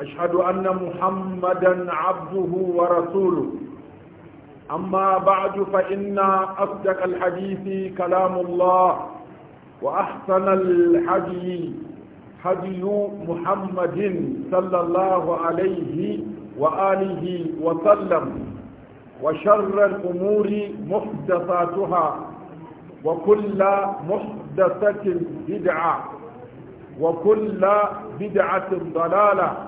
أشهد أن محمدا عبده ورسوله أما بعد فإن أصدق الحديث كلام الله وأحسن الحدي حدي محمد صلى الله عليه وآله وسلم وشر الأمور محدثاتها وكل محدثة بدعة وكل بدعة ضلالة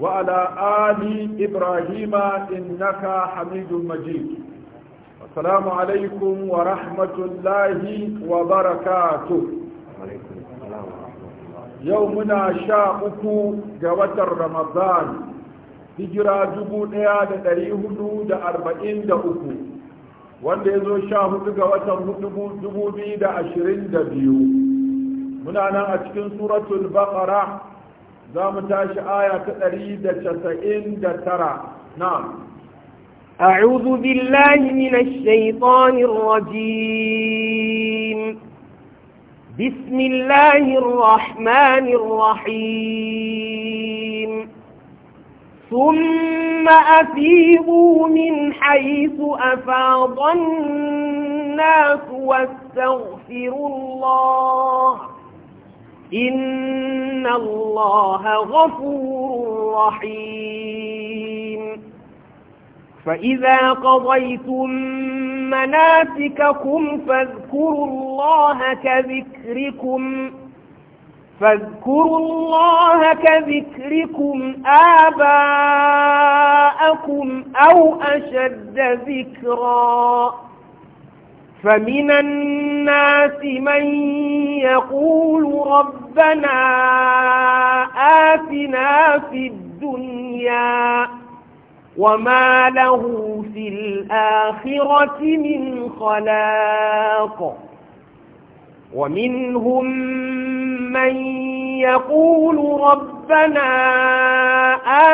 وعلى آل إبراهيم إنك حميد مجيد السلام عليكم ورحمة الله وبركاته يومنا شاقك جوة رمضان هجرة جبونيا دريه دود أربعين دأكو wanda ya zo sha hudu ga watan dubu biyu da ashirin da biyu muna nan a cikin suratul baqara za mu آية aya ta ɗari نعم أعوذ بالله من الشيطان الرجيم بسم الله الرحمن الرحيم ثم أفيضوا من حيث أفاض الناس واستغفروا الله إن الله غفور رحيم فإذا قضيتم مناسككم فاذكروا الله كذكركم فاذكروا الله كذكركم آباءكم أو أشد ذكراً فمن الناس من يقول ربنا آتنا في الدنيا وما له في الآخرة من خلاق ومنهم من يقول ربنا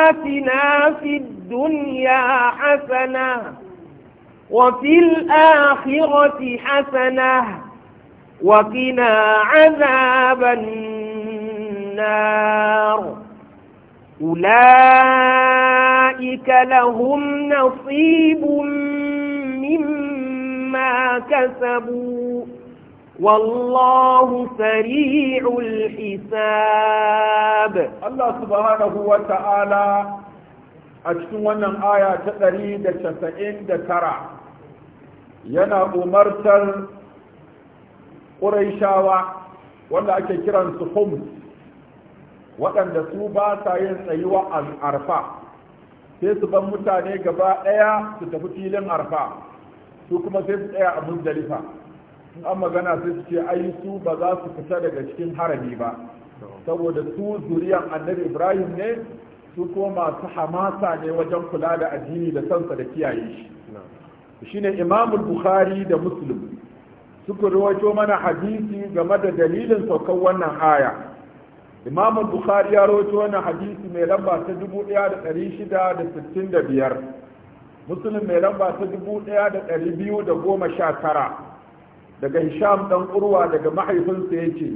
آتنا في الدنيا حسنة وفي الآخرة حسنة وقنا عذاب النار أولئك لهم نصيب مما كسبوا والله سريع الحساب الله سبحانه وتعالى a cikin wannan aya ta ɗari da casa'in da tara yana umartar ƙuraishawa wanda ake kiransu homs waɗanda su ba sa yin tsayuwa a arfa sai su ban mutane gaba ɗaya su tafi filin arfa su kuma sai su tsaya a muzdalifa in an magana sai su ce ai su ba za su fita daga cikin harami ba saboda su zuriyan annabi ibrahim ne su ko masu hamasa ne wajen kula da addini da sansa da kiyaye shi shine imamul bukhari da muslim suka rawaito mana hadisi game da dalilin saukan wannan aya imamul bukhari ya rawaito wannan hadisi mai lamba ta 1665 muslim mai lamba ta 1219 daga hisham dan urwa daga mahaifinsa yace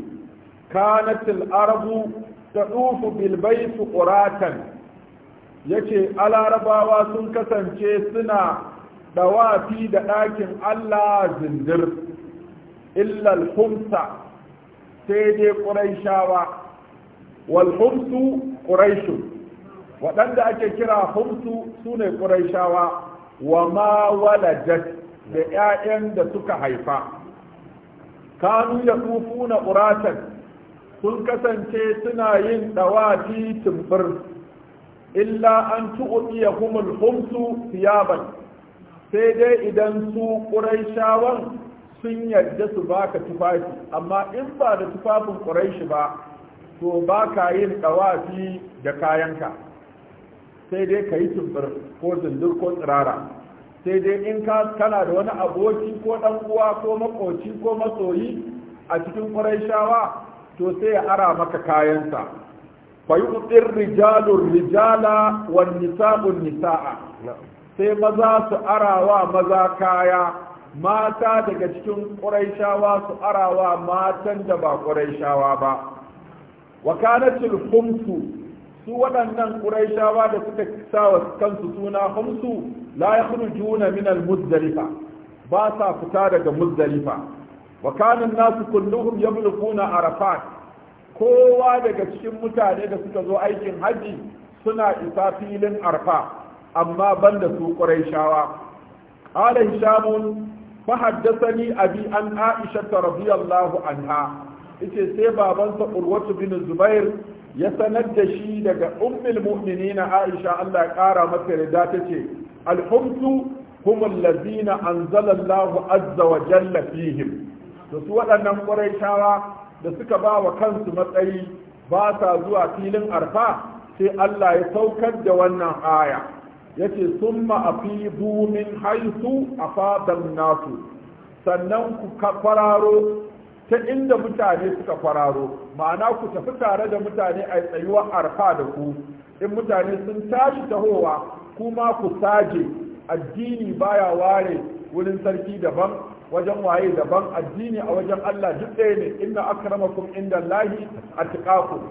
kanatil arabu taɗufu bilbaitu ƙuratan yace alarabawa sun kasance suna ɗawafi da ɗakin allah zindir illal humsa sai dai ƙuraishawa wal humsu ƙuraishun waɗanda ake kira humsu su ne ƙuraishawa wa ma waladat da 'ya'yan da suka haifa kanu ya na ƙuratan sun kasance suna yin ɗawafi tumfir illa an ya humul humsu siyaban sai dai idan su ƙuraishawan sun yarda su baka tufafi amma in ba da tufafin ƙuraishi ba to ba ka yin ɗawafi da kayanka sai dai ka yi ko zindir ko tsirara sai dai in ka kana da wani aboki ko ɗan uwa ko makoci ko masoyi a cikin shawa? to sai ya ara maka kayansa fa yuqtir rijalur rijala wan nisa'un nisa'a sai maza su arawa maza kaya mata daga cikin ƙuraishawa su arawa matan da ba ƙuraishawa ba wa kanatil su waɗannan ƙuraishawa da suka sa wa kansu suna humsu la ya juna min al-muzdalifa ba sa fita daga muzdalifa wa kana nasu kulluhum yablughuna arafat kowa daga cikin mutane da suka zo aikin haji suna isa filin arfa amma banda su quraishawa qala hishamun fa haddathani abi an aisha radiyallahu anha yace sai babansa urwatu bin zubair ya sanar da shi daga ummul mu'minina aisha Allah ya kara mata rida tace alhumtu hum allazina anzala Allah azza wa jalla fihim da su waɗannan ƙuraishawa da suka ba wa kansu matsayi ba sa zuwa filin arfa sai Allah ya saukar da wannan aya yace summa bumin min a afadan nasu sannan ku kwararo ta inda mutane suka fararo ma'ana ku tafi tare da mutane a tsayuwar arfa da ku in mutane sun tashi tahowa kuma ku saje addini baya ware wurin sarki daban wajen waye daban addini a wajen Allah duk ɗaya ne inna akramakum inda Allahi atqakum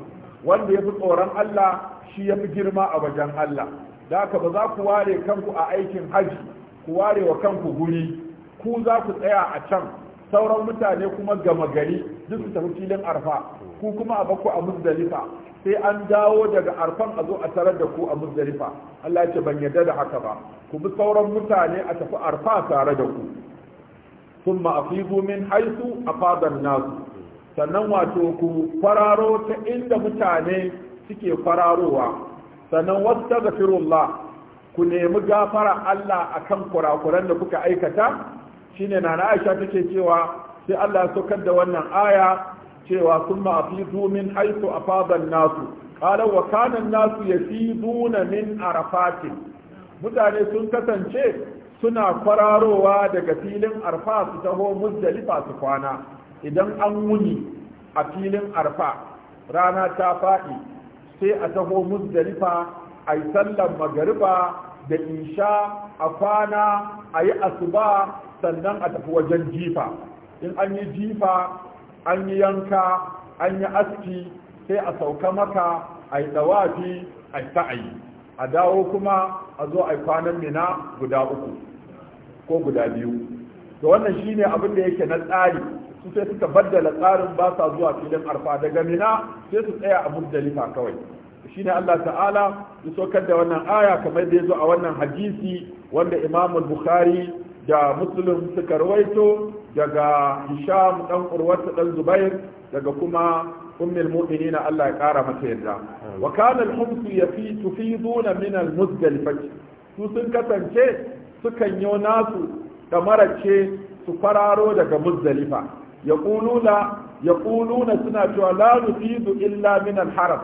wanda ya fi tsoron Allah shi yafi girma a wajen Allah da haka ba za ku ware kanku a aikin haji ku ware wa kanku guri ku za ku tsaya a can sauran mutane kuma gama gari duk su tafi filin arfa ku kuma a baku a muzdalifa sai an dawo daga arfan a zo a tarar da ku a muzdalifa Allah ya ce ban yarda da haka ba ku bi sauran mutane a tafi arfa tare da ku ثم أفيضوا haisu a fadar nasu. sannan wato ku fararo ta inda mutane suke fararowa sannan wasu ta ku nemi gafara Allah a kan kurakuran da kuka aikata Shi ne na Aisha take cewa sai Allah ya saukar da wannan aya cewa summa afidu haisu a fadar nasu qala wa nasu ya fi yafiduna min arafatin mutane sun kasance suna kwararowa daga filin arfa su taho muzdalifa su kwana idan an wuni a filin arfa rana ta faɗi sai a taho muzdalifa a yi sallan magariba da insha a kwana a yi asuba sannan a tafi wajen jifa in an yi jifa an yi yanka an yi aski sai a sauka maka a yi tsawafi a yi sa'ayi a dawo kuma a zo a yi kwanan mina guda uku ko guda biyu Da wannan shine abin da yake na tsari su sai suka baddala tsarin ba sa zuwa filin arfa daga mina sai su tsaya a muzdalifa kawai shine Allah ta'ala ya sokar da wannan aya kamar da yazo a wannan hadisi wanda Imam Bukhari da Muslim suka rawaito daga Hisham dan Urwata dan Zubair daga kuma ummul mu'minin Allah ya kara masa yadda. wa kana al-humsu yafitu fi duna su sun kasance sukan yi nasu da marace su fararo daga muzdalifa ya ƙuluna ya ƙuluna suna cewa la nufidu illa min haram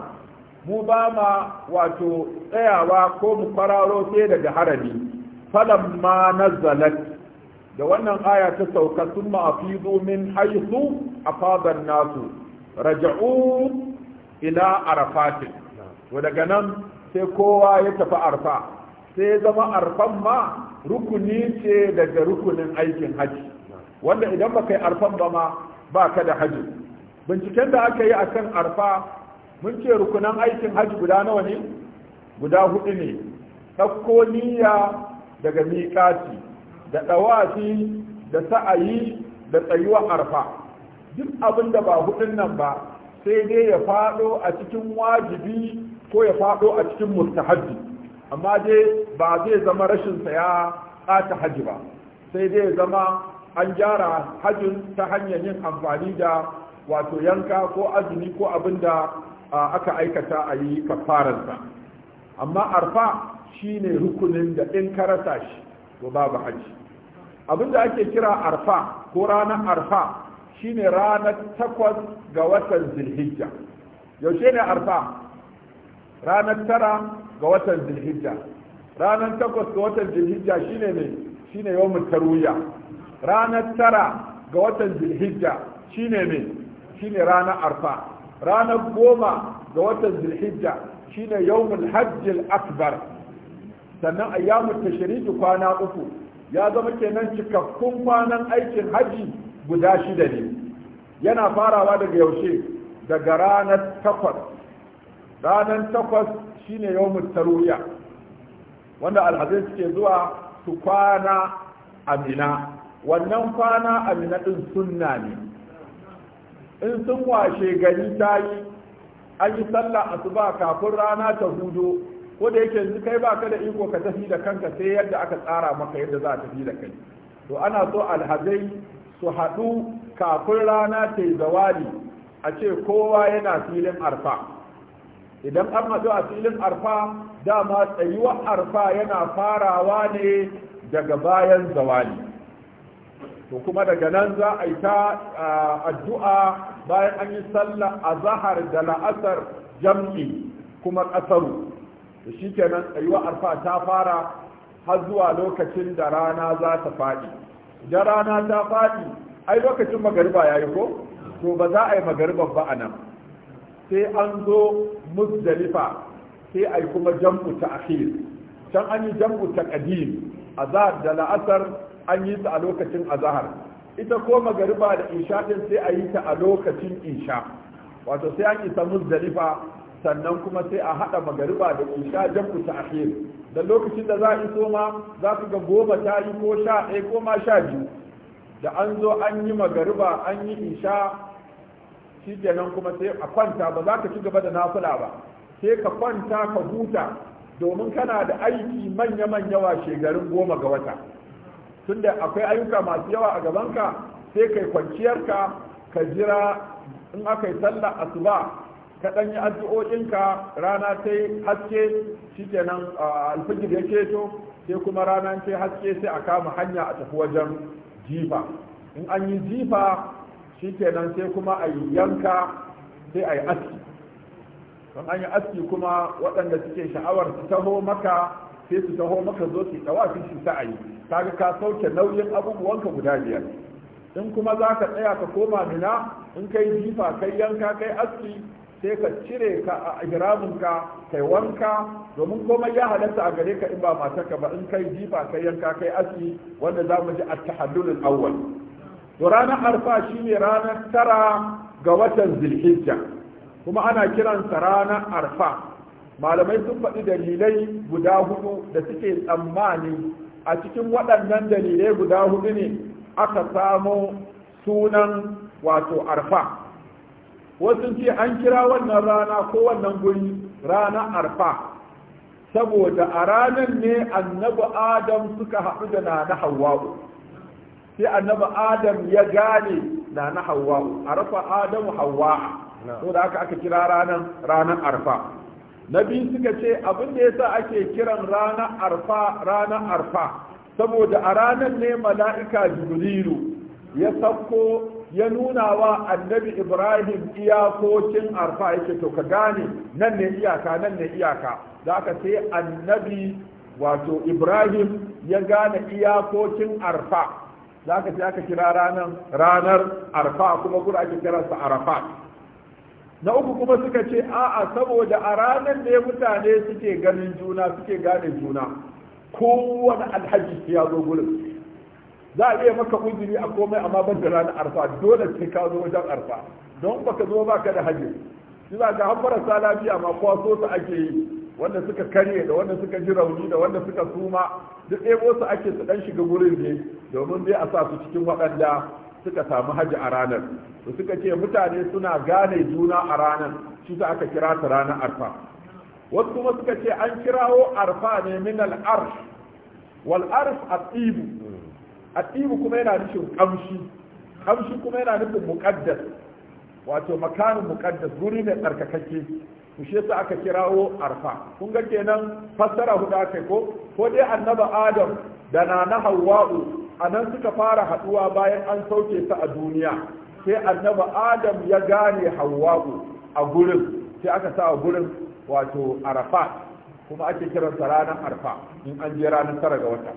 mu ba ma wato tsayawa ko mu fararo sai daga harami falan ma nazzalat da wannan aya ta sauka sun ma'afizu min haisu a fadar nasu raja'u ila arafatin daga nan sai kowa ya tafi arfa sai zama arfan ma rukuni ce daga rukunin aikin haji wanda idan baka yi arfan ba ma ba ka da haji binciken da aka yi a kan arfa mun ce rukunan aikin haji guda nawa ne guda hudu ne ɗauko niyya daga miƙati da ɗawafi da sa'ayi da tsayuwa arfa duk abin da ba hudun nan ba sai dai ya faɗo a cikin wajibi ko ya faɗo a cikin mustahabbi amma dai ba zai zama rashin sa ya ɓata haji ba sai dai zama an gyara hajin ta hanyar yin amfani da wato yanka ko azumi ko abin da aka aikata a yi kafaransa amma arfa shine rukunin da in karasa shi to babu haji abin da ake kira arfa ko ranar arfa shine ranar takwas ga watan zilhijja yaushe ne arfa ranar tara ga watan zulhijja ranar takwas ga watan zulhijja shine ne shine yawmul ranar tara ga watan zulhijja shine ne shine ranar arfa ranar goma ga watan zulhijja shine yawmul hajjil akbar sannan ayyamun tashriq kwana uku ya zama kenan cikakkun kwanan aikin haji guda shida ne yana farawa daga yaushe daga ranar takwas ranar takwas shine yawon taruya wanda alhazai suke zuwa su kwana amina wannan kwana amina din sunna ne in sun washe gari ta yi an yi sallah asuba kafin rana ta hudu ko da yake yanzu kai baka da iko ka tafi da kanka sai yadda aka tsara maka yadda za a tafi da kai to ana so alhazai su haɗu kafin rana ta yi zawali a ce kowa yana filin arfa idan an haɗu a filin arfa dama tsayuwar arfa yana farawa ne daga bayan zawali to kuma daga nan za a yi ta addu'a bayan an yi sallah a zahar da la'asar jam'i kuma ƙasaru da shi kenan tsayuwar arfa ta fara har zuwa lokacin da rana za ta faɗi idan rana ta faɗi ai lokacin magariba ya yi ko to ba za a yi magariban ba a nan sai an zo muzdalifa sai ai kuma jam'u ta akhir can an yi jam'u ta kadim azhar da la'asar an yi ta a lokacin azhar ita ko magariba da isha din sai a yi ta a lokacin isha wato sai an isa muzdalifa sannan kuma sai a haɗa magariba da isha jam'u ta akhir da lokacin da za a iso ma za ku ga goma ta yi ko sha ɗaya ko ma sha biyu da an zo an yi magariba an yi isha shi kenan kuma sai a kwanta ba za ka ci gaba da nafila ba sai ka kwanta ka huta domin kana da aiki manya-manya yawa shegarin goma ga wata tunda akwai ayyuka masu yawa a gabanka sai kai kwanciyarka ka jira in aka yi sallah asuba ka ɗan yi addu'o'inka rana ta haske shi kenan alfijir ya keto sai kuma rana ta haske sai a kama hanya a tafi wajen jifa in an yi jifa shi kenan sai kuma a yi yanka sai a yi aski don an yi aski kuma waɗanda suke sha'awar su taho maka sai su taho maka zo su ɗawa su shi yi. kaga ka sauke nauyin abubuwanka guda biyar in kuma za ka tsaya ka koma mina in kai jifa kai yanka kai aski sai ka cire ka a ihraminka kai wanka domin komai ya halatta a gare ka in ba matarka ba in kai jifa kai yanka kai aski wanda za mu ji a tahallulin awwal to ranar arfa ne ranar tara ga watan zilhijja kuma ana kiransa ranar arfa malamai sun faɗi dalilai guda hudu da suke tsammani a cikin waɗannan dalilai guda hudu ne aka samo sunan wato arfa wasu ce an kira wannan rana ko wannan guri ranar arfa saboda a ranar ne annabi adam suka haɗu da na hawa'u sai annabi adam ya gane na na hawa arfa adamu hawa to da aka aka kira ranan ranan arfa na biyu suka ce abin da yasa ake kiran ranar arfa ranar arfa saboda a ranar ne mala'ika jibrilu ya sauko ya nuna wa annabi ibrahim iyakokin arfa yake to ka gane nan ne iyaka nan ne iyaka da aka sai annabi wato ibrahim ya gane iyakokin arfa da aka ce aka kira ranar ranar arfa kuma kuma ake kiransa arafa na uku kuma suka ce a'a saboda a ranar ne mutane suke ganin juna suke gane juna kowane alhaji ya zo gurin za a iya maka uzuri a komai amma ban da ranar arfa dole sai ka zo wajen arfa don baka zo baka da hajji shi za ga marasa lafiya ma kwaso su ake yi wanda suka karye da wanda suka ji rauni da wanda suka suma duk ɗebo su ake su dan shiga gurin ne domin dai a sa su cikin waɗanda suka samu haji a ranar da suka ce mutane suna gane juna a ranar shi za aka kira ta ranar arfa wasu kuma suka ce an kirawo arfa ne min al'arsh wal tsibu. A tsibu kuma yana nufin kamshi kamshi kuma yana nufin Muƙaddas. wato makanin Muƙaddas guri ne tsarkakakke ku shi yasa aka kirawo arfa kun ga kenan fassara huda kai ko ko dai annaba adam da na hawwa'u a nan suka fara haɗuwa bayan an sauke su a duniya sai annabi adam ya gane Hauwa a gurin sai aka sa a gurin wato arafa kuma ake kiransa ranar arfa in an je ranar tara ga wata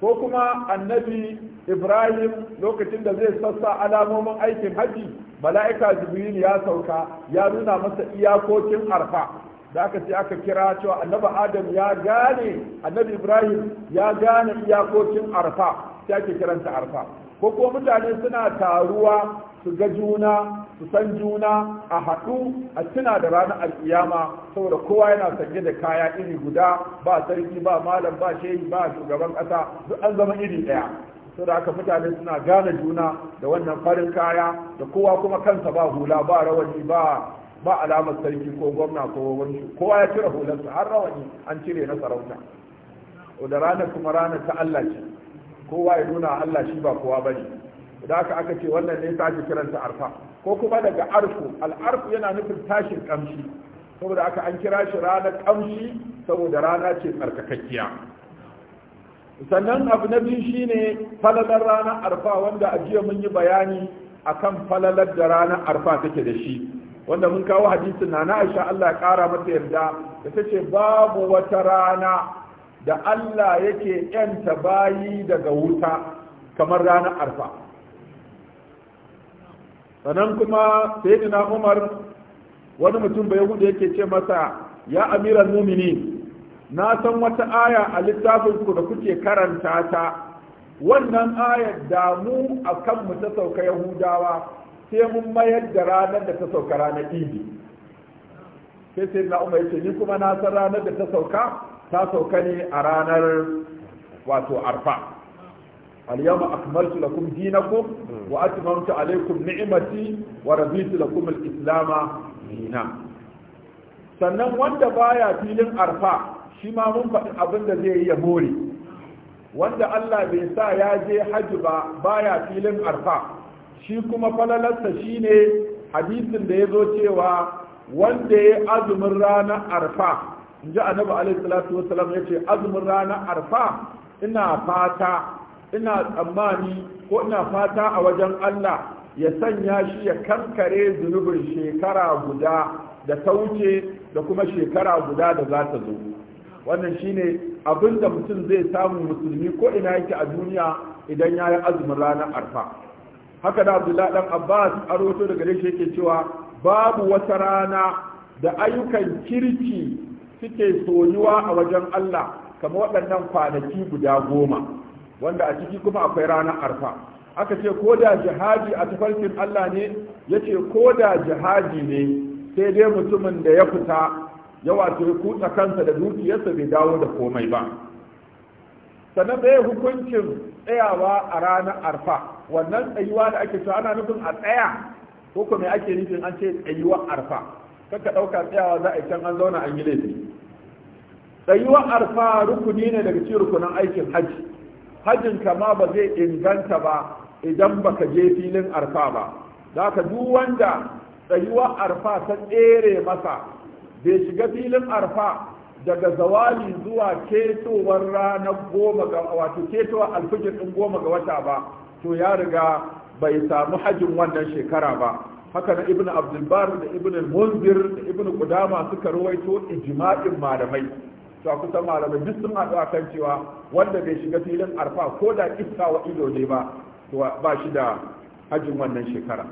ko kuma annabi ibrahim lokacin da zai sassa alamomin aikin haji mala'ika jibril ya sauka ya nuna masa iyakokin arfa da aka ce aka kira cewa annabi adam ya gane annabi ibrahim ya gane iyakokin arfa ya ke kiranta arfa ko ko mutane suna taruwa su ga juna su san juna a haɗu a tuna da ranar alƙiyama saboda kowa yana sanye da kaya iri guda ba sarki ba malam ba shehi ba shugaban ƙasa duk an zama iri ɗaya saboda haka mutane suna gane juna da wannan farin kaya da kowa kuma kansa ba hula ba rawani ba ba alamar sarki ko gwamna ko wani kowa ya cire hularsa har rawani an cire na sarauta da ranar kuma ranar ta Allah ce kowa ya nuna Allah shi ba kowa bane da aka aka ce wannan ne sake kiranta arfa ko kuma daga arfu al'arfu yana nufin tashin kamshi saboda aka an kira shi ranar kamshi saboda rana ce tsarkakakkiya sannan abu na biyu shine falalar ranar arfa wanda a jiya mun yi bayani akan falalar da ranar arfa take da shi wanda mun kawo hadisin na na aisha Allah ya kara mata yarda da tace babu wata rana da Allah yake yanta bayi daga wuta kamar ranar arfa sannan kuma sayyidina umar wani mutum bai hudu yake ce masa ya amiran mumini na san wata aya a littafinku da kuke karanta ta wannan ayar damu a kanmu mu ta sauka yahudawa sai mun mayar da ranar da ta sauka ranar idi sai sai na umar ce, ni kuma na san ranar da ta sauka ta sauka ne a ranar wato arfa al-yawma akmaltu lakum dinakum wa atmamtu alaykum ni'mati wa raditu lakum al-islama sannan wanda baya filin arfa shi ma mun faɗi abin da zai yi ya more wanda Allah bai sa ya je hajji ba baya filin arfa shi kuma falalarsa shine hadisin da ya zo cewa wanda ya azumin ranar arfa in ji annabi alaihi salatu wasalam ya ce azumin rana arfa ina fata ina tsammani ko ina fata a wajen allah ya sanya shi ya kankare zunubin shekara guda da ta wuce da kuma shekara guda da za ta zo wannan shine abin da mutum zai samu musulmi ko ina yake a duniya idan ya yi azumin ranar arfa haka da abdullahi dan abbas a daga daga shi yake cewa babu wata rana da ayyukan kirki suke soyuwa a wajen Allah kama waɗannan kwanaki guda goma wanda a ciki kuma akwai ranar arfa aka ce ko da jihadi a tufarkin Allah ne ya ce ko da jihadi ne sai dai mutumin da ya fita ya wato ya kutsa kansa da dukiyarsa bai dawo da komai ba sannan bai hukuncin tsayawa a ranar arfa wannan tsayuwa da ake cewa ana nufin a tsaya ko kuma ake nufin an ce tsayuwar arfa kaka ɗauka tsayawa za a can an zauna an yi laifi tsayuwar arfa rukuni ne daga cikin rukunin aikin hajji hajjin kama ba zai inganta ba idan baka je filin arfa ba za ka duk wanda tsayuwar arfa ta tsere masa bai shiga filin arfa daga zawali zuwa ketowar ranar goma ga wato ketowar alfijir ɗin goma ga wata ba to ya riga bai samu hajjin wannan shekara ba haka na ibn abdulbar da ibn munzir da ibn qudama suka ruwaito ijma'in malamai to a kusan malamai duk sun haɗu akan cewa wanda bai shiga filin arfa ko da iska wa ido ne ba to ba shi da hajjin wannan shekara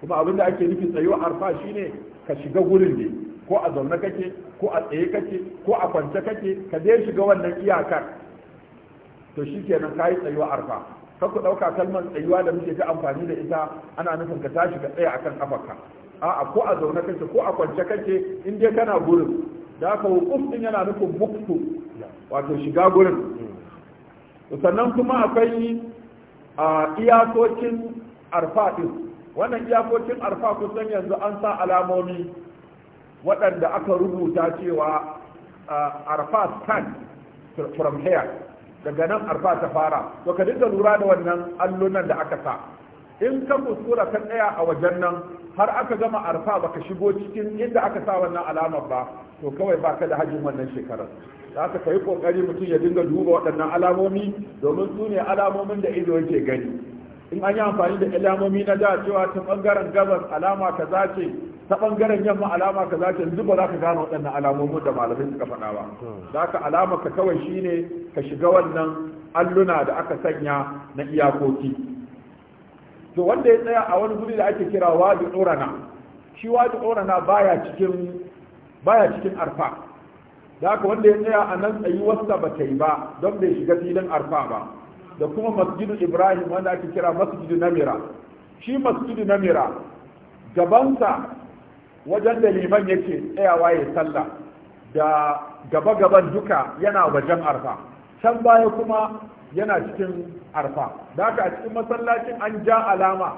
kuma abin da ake nufi tsayo arfa shine ka shiga gurin ne ko a zaune kake ko a tsaye kake ko a kwance kake ka dai shiga wannan iyakar to shikenan kai tsayuwa arfa kar ku ɗauka kalmar tsayuwa da muke ta amfani da ita ana nufin ka tashi ka tsaya akan kafarka a'a ko a zaune kace ko a kwance kace in dai kana gurin da haka wukuf din yana nufin buktu wato shiga gurin sannan kuma akwai a iyakokin arfa din wannan iyakokin arfa kusan yanzu an sa alamomi waɗanda aka rubuta cewa arfa stand from here daga nan arfa ta fara to ka dinga lura da wannan allunan da aka sa in ka kuskura ka tsaya a wajen nan har aka gama arfa baka shigo cikin inda aka sa wannan alamar ba to kawai baka da hajjin wannan shekarar Za ka kai kokari mutum ya dinga duba waɗannan alamomi domin su ne alamomin da ido yake gani in an yi amfani da alamomi na da cewa ta bangaren gabas alama kaza ce ta bangaren yamma alama ka za yanzu ba za ka gane waɗannan alamomin da malamai suka faɗa ba za ka alama ka kawai shine ka shiga wannan alluna da aka sanya na iyakoki to wanda ya tsaya a wani guri da ake kira wadi tsorana shi wadi tsorana baya cikin cikin arfa da wanda ya tsaya a nan tsayi wasa ba ta yi ba don bai shiga filin arfa ba da kuma masjidu ibrahim wanda ake kira masjidu namira shi masjidu namira gabansa wajen da liman yake tsayawa ya sallah da gaba-gaban duka yana wajen arfa can baya kuma yana cikin arfa da haka a cikin masallacin an ja alama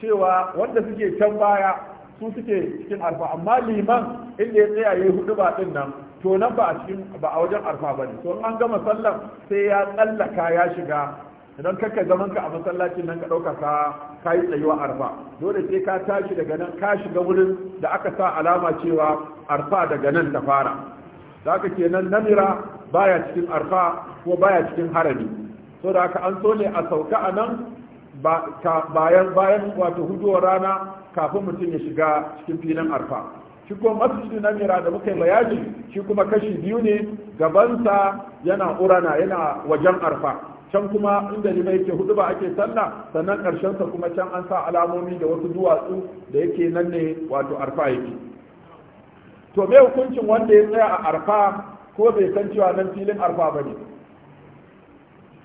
cewa wanda suke can baya su suke cikin arfa amma liman inda ya tsayaye ya hudu ba din nan to nan ba a cikin ba a wajen arfa ba ne to an gama sallar sai ya tsallaka ya shiga idan kakka zaman ka a masallacin nan ka ɗauka ka ka yi tsayuwa arfa dole sai ka tashi daga nan ka shiga wurin da aka sa alama cewa arfa daga nan ta fara da aka ke nan namira baya cikin arfa ko baya cikin harami so da an so ne a sauka a nan bayan bayan wato hujjowar rana kafin mutum ya shiga cikin filin arfa shi kuma masjidi namira da muka yi bayani shi kuma kashi biyu ne gabansa yana urana yana wajen arfa can kuma inda ne yake hudu ba ake sallah sannan karshen sa kuma can an sa alamomi da wasu duwatsu da yake nan ne wato arfa yake to me hukuncin wanda ya tsaya a arfa ko bai san cewa nan filin arfa bane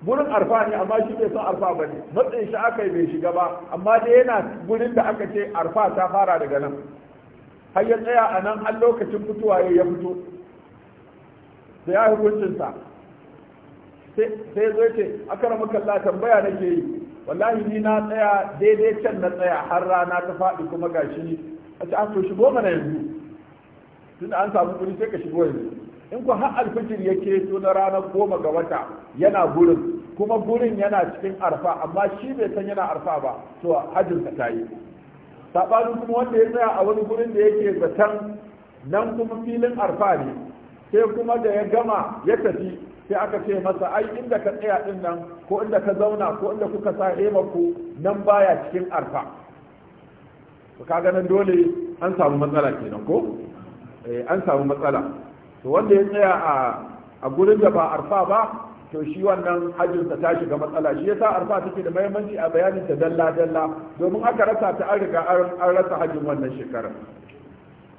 gurin arfa ne amma shi bai san arfa ba ne matsayin shi aka yi bai shiga ba amma dai yana gurin da aka ce arfa ta fara daga nan har ya tsaya a nan an lokacin fitowa ya fito da ya hukuncinsa sai zo ce akara muka la tambaya nake yi wallahi ni na tsaya daidai can na tsaya har rana ta faɗi kuma gashi a ce an ah, to shigo mana yanzu tun an samu kuri sai ka shigo yanzu in ku har alfijir ya keto na ranar goma ga wata yana gurin kuma gurin yana cikin arfa amma shi bai san yana arfa ba to hajjinsa ta yi saɓanin kuma wanda ya tsaya a wani gurin da yake zaton nan kuma filin arfa ne sai kuma da ya gama ya tafi sai aka ce masa ai inda ka tsaya din nan ko inda ka zauna ko inda kuka sa rema nan baya cikin arfa to kaga nan dole an samu matsala kenan ko eh an samu matsala to wanda ya tsaya a a gurin da ba arfa ba to shi wannan hajjinsa ta shiga matsala shi yasa arfa take da muhimmanci a bayanin ta dalla dalla domin aka rasa ta an riga an rasa hajjin wannan shekarar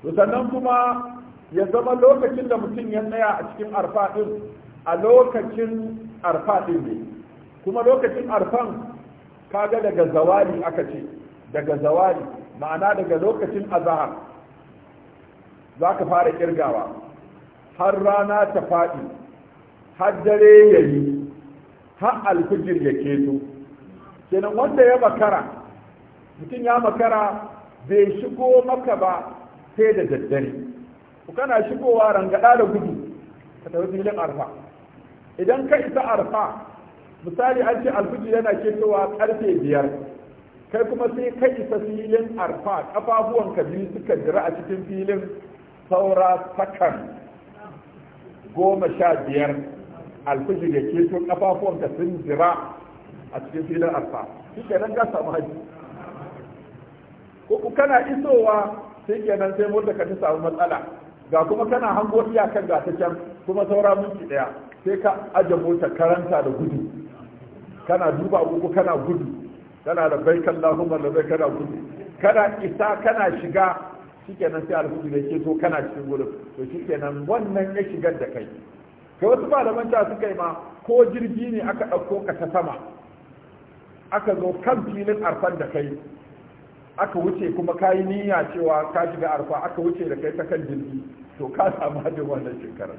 to sannan kuma ya zama lokacin da mutum ya tsaya a cikin arfa din a lokacin arfa ɗin ne kuma lokacin arfan kaga daga zawali aka ce daga zawali ma'ana daga lokacin azahar za ka fara kirgawa har rana ta faɗi har dare ya yi har alfijir ya keto kenan wanda ya makara mutum ya makara bai shigo maka ba sai da daddare kana shigowa rangada da gudu ka tafi filin arfa idan ka isa arfa misali an ce alfijir yana ketowa karfe biyar kai kuma sai ka isa filin arfa kafafuwan ka biyu suka jira a cikin filin saura sakan goma sha biyar alfijir ya keto ka sun jira a cikin filin arfa shi kenan ka samu haji ko kana isowa sai kenan sai mota ka ta samu matsala ga kuma kana hango iyakar ga ta can kuma saura minti daya sai ka aje mota karanta da gudu kana duba agogo kana gudu kana da baikan lahumar da bai kana gudu kana isa kana shiga shikenan sai alhudu da ke so kana cikin gudu to shikenan wannan ya shigar da kai kai wasu malaman ta suka yi ma ko jirgi ne aka ɗauko ka ta sama aka zo kan filin arfan da kai aka wuce kuma ka yi niyya cewa ka shiga arfa aka wuce da kai ta kan jirgi to ka samu hajjin wannan shekarar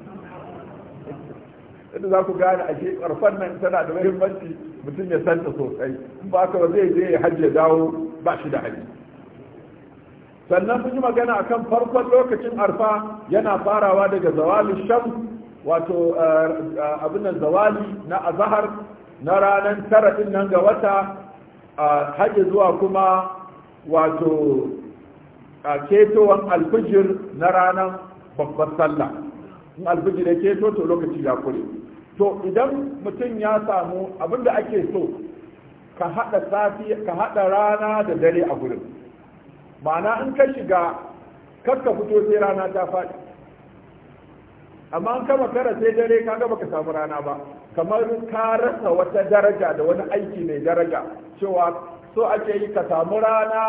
inda za ku gane a ke karfan nan tana da muhimmanci mutum ya santa sosai ba ka ba zai je ya hajji ya dawo ba shi da hajji sannan sun yi magana akan farkon lokacin arfa yana farawa daga zawali sham wato eh, eh, abin nan zawali na azahar na ranar tara din nan ga wata hajji zuwa kuma wato ketowan alfijir na ranar babbar sallah in da ke to lokaci da kure to idan mutum ya samu abin da ake so ka haɗa safi ka hada rana da dare a gurin ma'ana in ka shiga kar fito sai rana ta faɗi amma an kama kara sai dare ka gaba ka samu rana ba kamar ka rasa wata daraja da wani aiki mai daraja cewa so ake yi ka samu rana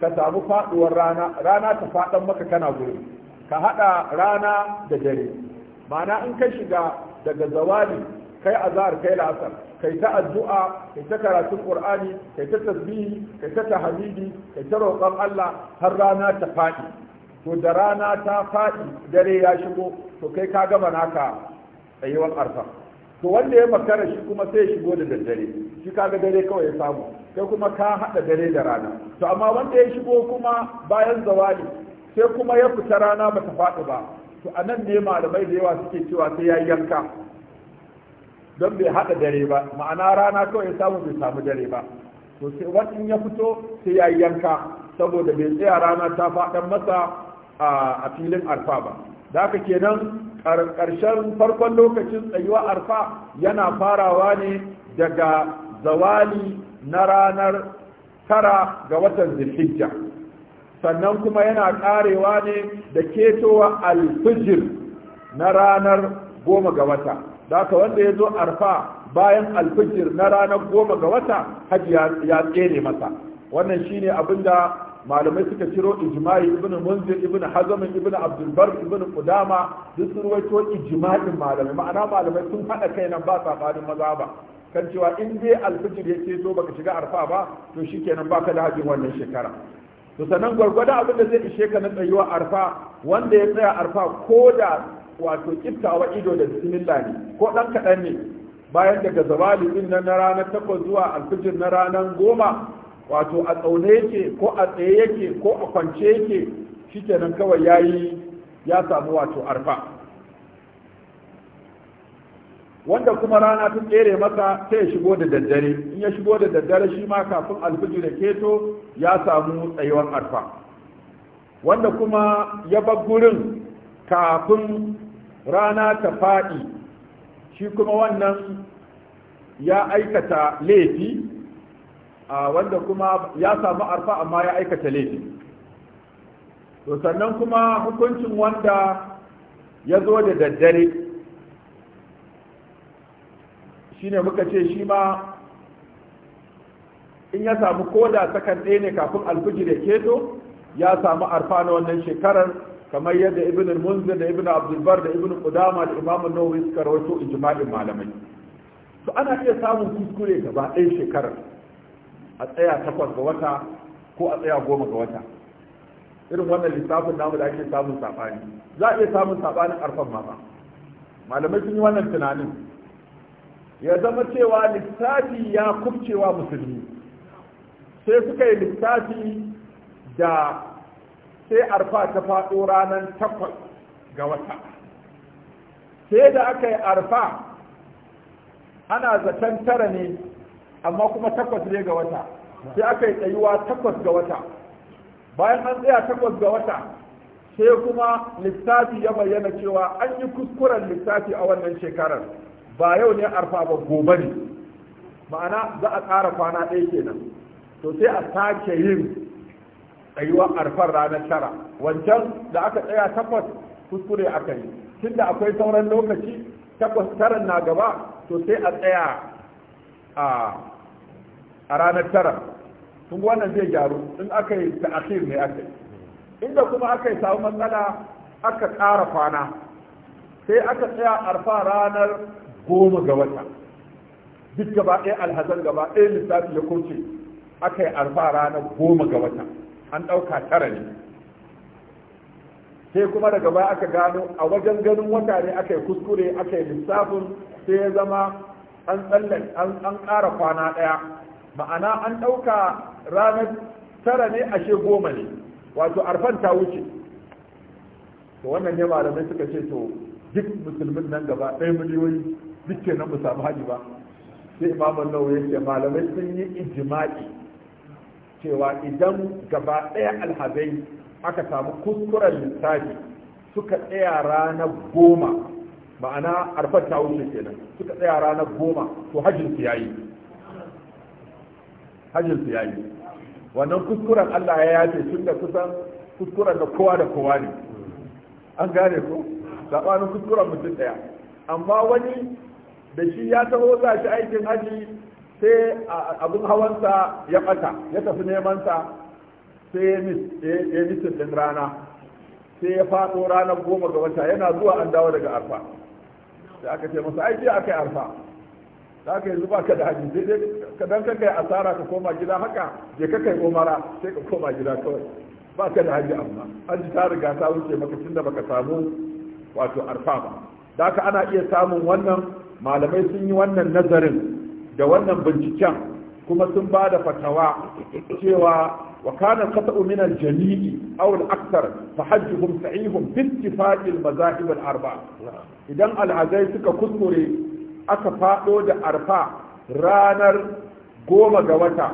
ka samu faduwar rana rana ta fadan maka kana gurin ka hada rana da dare ma'ana in ka shiga daga zawali kai azhar kai la'asar kai ta addu'a kai ta karatun qur'ani kai ta tasbihi kai ta tahmidi kai ta roƙon Allah har rana ta fadi to da rana ta fadi dare ya shigo to kai ka gama naka tsayuwar arfa to wanda ya makara shi kuma sai ya shigo da daddare shi kaga dare kawai ya samu kai kuma ka hada dare da rana to amma wanda ya shigo kuma bayan zawali sai kuma ya fita rana bata faɗi ba to a nan ne malamai da yawa suke cewa sai ya yanka don bai haɗa dare ba ma'ana rana kawai ya samu bai samu dare ba to sai wani ya fito sai ya yanka saboda bai tsaya rana ta faɗan masa a filin arfa ba da haka kenan ƙarshen farkon lokacin tsayuwa arfa yana farawa ne daga zawali na ranar tara ga watan zilhijja sannan kuma yana karewa ne da ketowa alfijir na ranar goma ga wata da wanda ya zo arfa bayan alfijir na ranar goma ga wata hajji ya tsere masa wannan shine abin da malamai suka ciro ijma'i ibn munzir ibn hazm ibn abdul bar ibn qudama duk sun rawaito ijma'in malamai ma'ana malamai sun haɗa kai nan ba tsakanin maza ba kan cewa in dai alfijir ya ce zo baka shiga arfa ba to shikenan baka da hajjin wannan shekara to sannan gwargwadon abin da zai ishe ka na tsayuwa arfa wanda ya tsaya arfa ko da wato kiftawa ido da bismillah ne ko dan kaɗan ne bayan daga zabali din na ranar takwas zuwa alfijir na ranar goma wato a tsaune yake ko a tsaye yake ko a kwance yake shikenan kawai yayi ya samu wato arfa wanda kuma rana ta tsere masa sai ya shigo da daddare in ya shigo da daddare shi ma kafin alfijir da keto ya samu tsayuwar arfa wanda kuma ya bar gurin kafin rana ta faɗi shi kuma wannan ya aikata laifi a wanda kuma ya samu arfa amma ya aikata laifi to sannan kuma hukuncin wanda ya zo da daddare shine muka ce shi ma in ya samu koda sakan ɗaya ne kafin alfiji ya keto ya samu arfa na wannan shekarar kamar yadda ibn munzir da ibn abdulbar da ibn qudama da imam nawawi suka rawaito ijma'in malamai to ana iya samun kuskure gaba ɗaya shekarar a tsaya takwas ga wata ko a tsaya goma ga wata irin wannan lissafin namu da ake samun saɓani za a iya samun saɓanin arfan ma ba. malamai sun yi wannan tunanin ya zama cewa littafi ya kubcewa musulmi sai suka yi lissafi da sai arfa ta faɗo ranar takwas ga wata sai da aka yi arfa ana zaton tara ne amma kuma takwas ne ga wata sai aka yi tsayuwa takwas ga wata bayan an tsaya takwas ga wata sai kuma lissafi ya bayyana cewa an yi kuskuren lissafi a wannan shekarar ba yau ne arfa ba gobe ne ma'ana za a ƙara kwana ɗaya kenan to sai a sake yin tsayuwar arfar ranar tara wancan da aka tsaya takwas kuskure aka yi tunda akwai sauran lokaci takwas taran na gaba to sai a tsaya a ranar tara kun wannan zai gyaru in aka yi ta akhir ne aka yi inda kuma aka yi samu matsala aka ƙara kwana sai aka tsaya arfa ranar goma ga wata duk gaba ɗaya alhazar gaba ɗaya lissafi ya kuce, aka yi arfa ranar goma ga wata an ɗauka tara ne sai kuma daga baya aka gano a wajen ganin wata ne aka yi kuskure aka yi lissafin sai ya zama an tsallan an ƙara kwana ɗaya ma'ana an ɗauka ranar tara ne ashe goma ne wato arfan ta wuce to wannan ne malamai suka ce to duk musulmin nan gaba ɗaya miliyoyi duk kenan ba samu haji ba sai imamun nawa yake malamai sun yi ijma'i cewa idan gaba ɗaya alhazai aka samu kuskuren lissafi suka tsaya ranar goma ma'ana arfar ta wuce kenan suka tsaya ranar goma to hajin su yayi hajin su yayi wannan kuskuren Allah ya yace tun da kusan kuskuren da kowa da kowa ne an gane ko sabanin kuskuren mutum ɗaya amma wani da shi ya taho za shi aikin haji sai abin hawansa ya ɓata, ya tafi nemansa sai ya misin din rana sai ya faɗo ranar goma ga wata yana zuwa an dawo daga arfa sai aka ce masa aiki aka yi arfa za ka yanzu ka da haji sai ka dan kai asara ka koma gida haka je ka kai umara sai ka koma gida kawai Ba ka da haji amma haji ta riga ta wuce maka tunda baka samu wato arfa ba da ana iya samun wannan malamai sun yi wannan nazarin da wannan binciken kuma sun ba da fatawa cewa wa kana qat'u min jamii awul al-akthar fa hajjuhum sa'ihum bi mazahib al-arba idan al suka kuskure aka fado da arfa ranar goma ga wata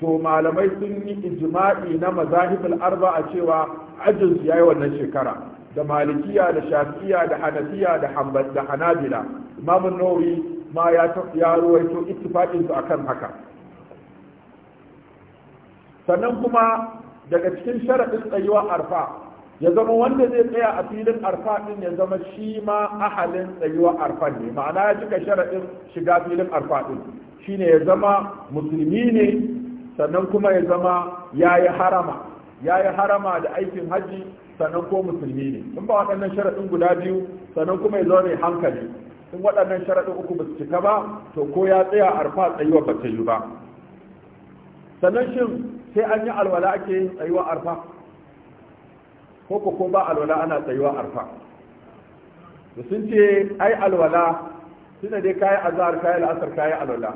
to malamai sun yi ijma'i na mazahib al-arba a cewa ajin su yayi wannan shekara da malikiya da shafiya da hanafiya da hanbal da hanabila imam an-nawawi ma ya ya ruwaito ittifaqin su akan haka sannan kuma daga cikin sharadin tsayuwa arfa ya zama wanda zai tsaya a filin arfa din ya zama shi ma ahalin tsayuwa arfa ne ma'ana ya cika sharadin shiga filin arfa din shine ya zama musulmi ne sannan kuma ya zama yayi harama yayi harama da aikin haji sannan ko musulmi ne in ba waɗannan sharaɗin guda biyu sannan kuma ya ne hankali in waɗannan sharaɗin uku ba su cika ba to ko ya tsaya arfa tsayuwa ba ta yi ba sannan shin sai an yi alwala ake yin tsayuwa arfa ko ko ko ba alwala ana tsayuwa arfa to sun ce ai alwala suna dai kayi azhar kayi la'asar, kayi alwala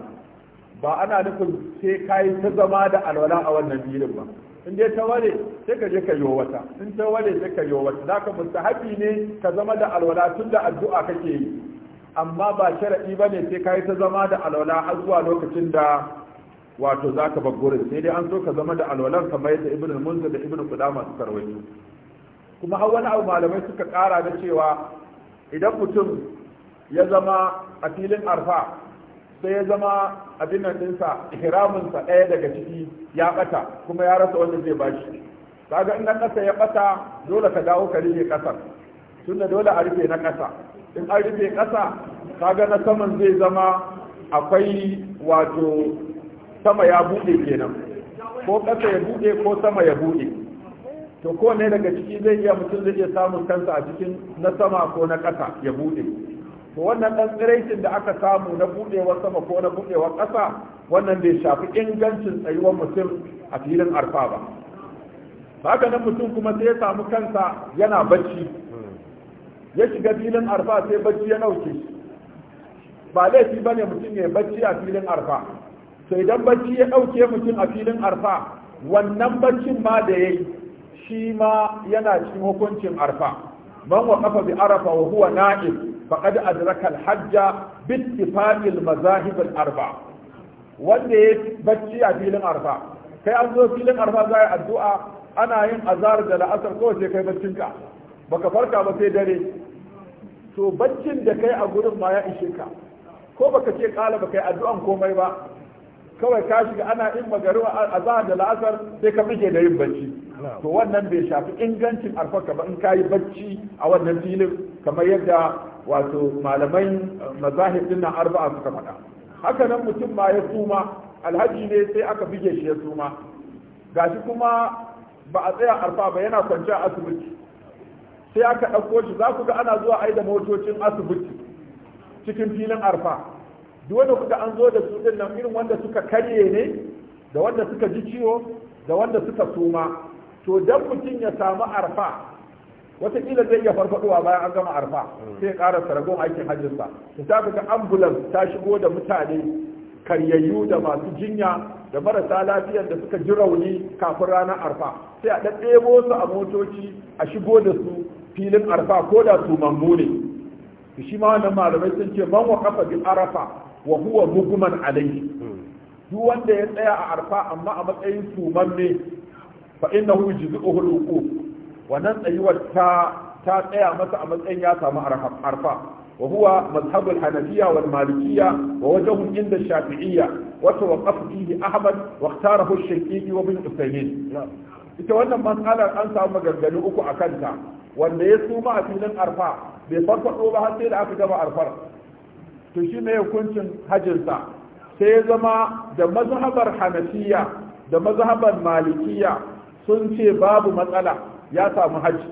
ba ana nufin sai kayi ta zama da alwala a wannan filin ba in dai ta ware sai ka je ka yi wata in ta ware sai ka yi wata da ka mustahabi ne ka zama da alwala tun da addu'a kake yi amma ba shara'i ba ne sai ka yi ta zama da alwala har zuwa lokacin da wato za ka gurin sai dai an so ka zama da alwalan kamar yadda ibn munzir da ibn qudama suka rawaito kuma har wani abu malamai suka kara da cewa idan mutum ya zama a filin arfa sai ya zama abin nan dinsa ihraminsa ɗaya daga ciki ya ɓata kuma ya rasa wanda zai bashi kaga in na ƙasa ya ɓata dole ka dawo ka rufe ƙasar tunda dole a rufe na ƙasa in an rufe ƙasa kaga na saman zai zama akwai wato sama ya buɗe kenan ko ƙasa ya buɗe ko sama ya buɗe to ko ne daga ciki zai iya mutum zai iya samun kansa a cikin na sama ko na ƙasa ya buɗe to wannan ɗan tsiraicin da aka samu na buɗewar sama ko na buɗewar ƙasa wannan bai shafi ingancin tsayuwar mutum a filin arfa ba haka nan mutum kuma sai ya samu kansa yana bacci ya shiga filin arfa sai bacci ya nauke ba laifi ba ne mutum ya bacci a filin arfa Sai idan bacci ya ɗauke mutum a filin arfa wannan baccin ma da ya shi ma yana cikin hukuncin arfa man wa kafa bi arafa wa huwa na'im faqad adraka al-hajja bi ittifaqi al arfa wanda ya bacci a filin arfa kai an zo filin arfa za a addu'a ana yin azar da la'asar kowace kai baccin ka baka farka ba sai dare to baccin da kai a gurin ma ya ishe ka ko baka ce kala baka yi addu'an komai ba kawai ka shiga ana in a azar da la'asar sai ka fice da yin bacci to wannan bai shafi ingancin alfaka ba in ka yi bacci a wannan filin kamar yadda wato malamai mazahib din nan arba'a suka faɗa haka nan mutum ma ya suma alhaji ne sai aka bige shi ya suma gashi kuma ba a tsaya arfa ba yana a asibiti sai aka ɗauko shi za ku ga ana zuwa ai da motocin asibiti cikin filin arfa duk wanda kuka an zo da su din nan irin wanda suka karye ne da wanda suka ji ciwo da wanda suka suma to dan mutum ya samu arfa watakila zai iya a bayan an gama arfa hmm. sai ƙara saragon aikin hajjinsa su ta ga ambulance ta shigo da mutane karyayyu da masu jinya da marasa lafiyar da suka ji rauni kafin ranar arfa sai a ɗaɗɗebo su a motoci a shigo da su filin arfa ko da su mammu ne shi ma wannan malamai sun ce man kafa bi arafa wa huwa muguman alayhi hmm. duk wanda ya tsaya a arfa amma a matsayin sumamme fa innahu yujzi'uhu al wannan tsayuwar ta ta tsaya masa a matsayin ya samu arfa wa huwa mazhabul hanafiya wal malikiya wa wajen inda shafi'iyya wa tawaqqafa fihi ahmad wa ikhtarahu ash-shaykhi wa ibn ita wannan matsalar an samu maganganu uku a kanta wanda ya suma a filin arfa bai farfado ba har sai da aka gama arfar to shi ne hukuncin hajinsa sai ya zama da mazhabar hanafiya da mazhabar malikiya sun ce babu matsala ya samu haji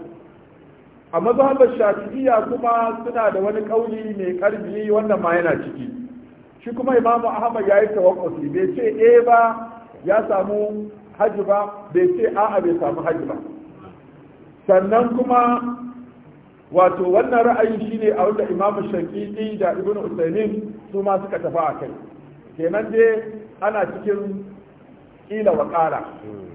a mazhabar shafi'iyya kuma suna da wani kauli mai ƙarfi wannan ma yana ciki shi kuma imamu ahmad ya yi tawakkusi bai ce eh ba ya samu haji ba bai ce a'a bai samu hajji ba sannan kuma wato wannan ra'ayi shine a wanda imamu shafi'i da ibnu usaimin su ma suka tafi a kai kenan dai ana cikin kila wa kara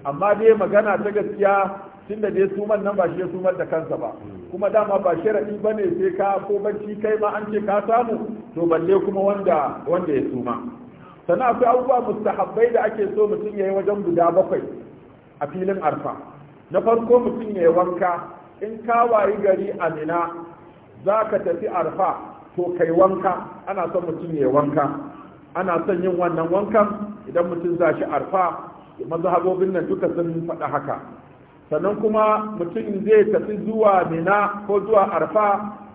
amma dai magana ta gaskiya tunda da dai suman nan ba shi ya sumar da kansa ba kuma dama ba sharaɗi ba ne sai ka ko bacci kai ma an ce ka samu to balle kuma wanda wanda ya suma sannan akwai abubuwa mustahabbai da ake so mutum ya yi wajen guda bakwai a filin arfa na farko mutum ya yi wanka in ka wayi gari a mina za ka tafi arfa to kai wanka ana son mutum ya yi wanka ana son yin wannan wankan idan mutum za shi arfa mazhabobin nan duka sun faɗa haka sannan kuma mutum zai tafi zuwa mina ko zuwa arfa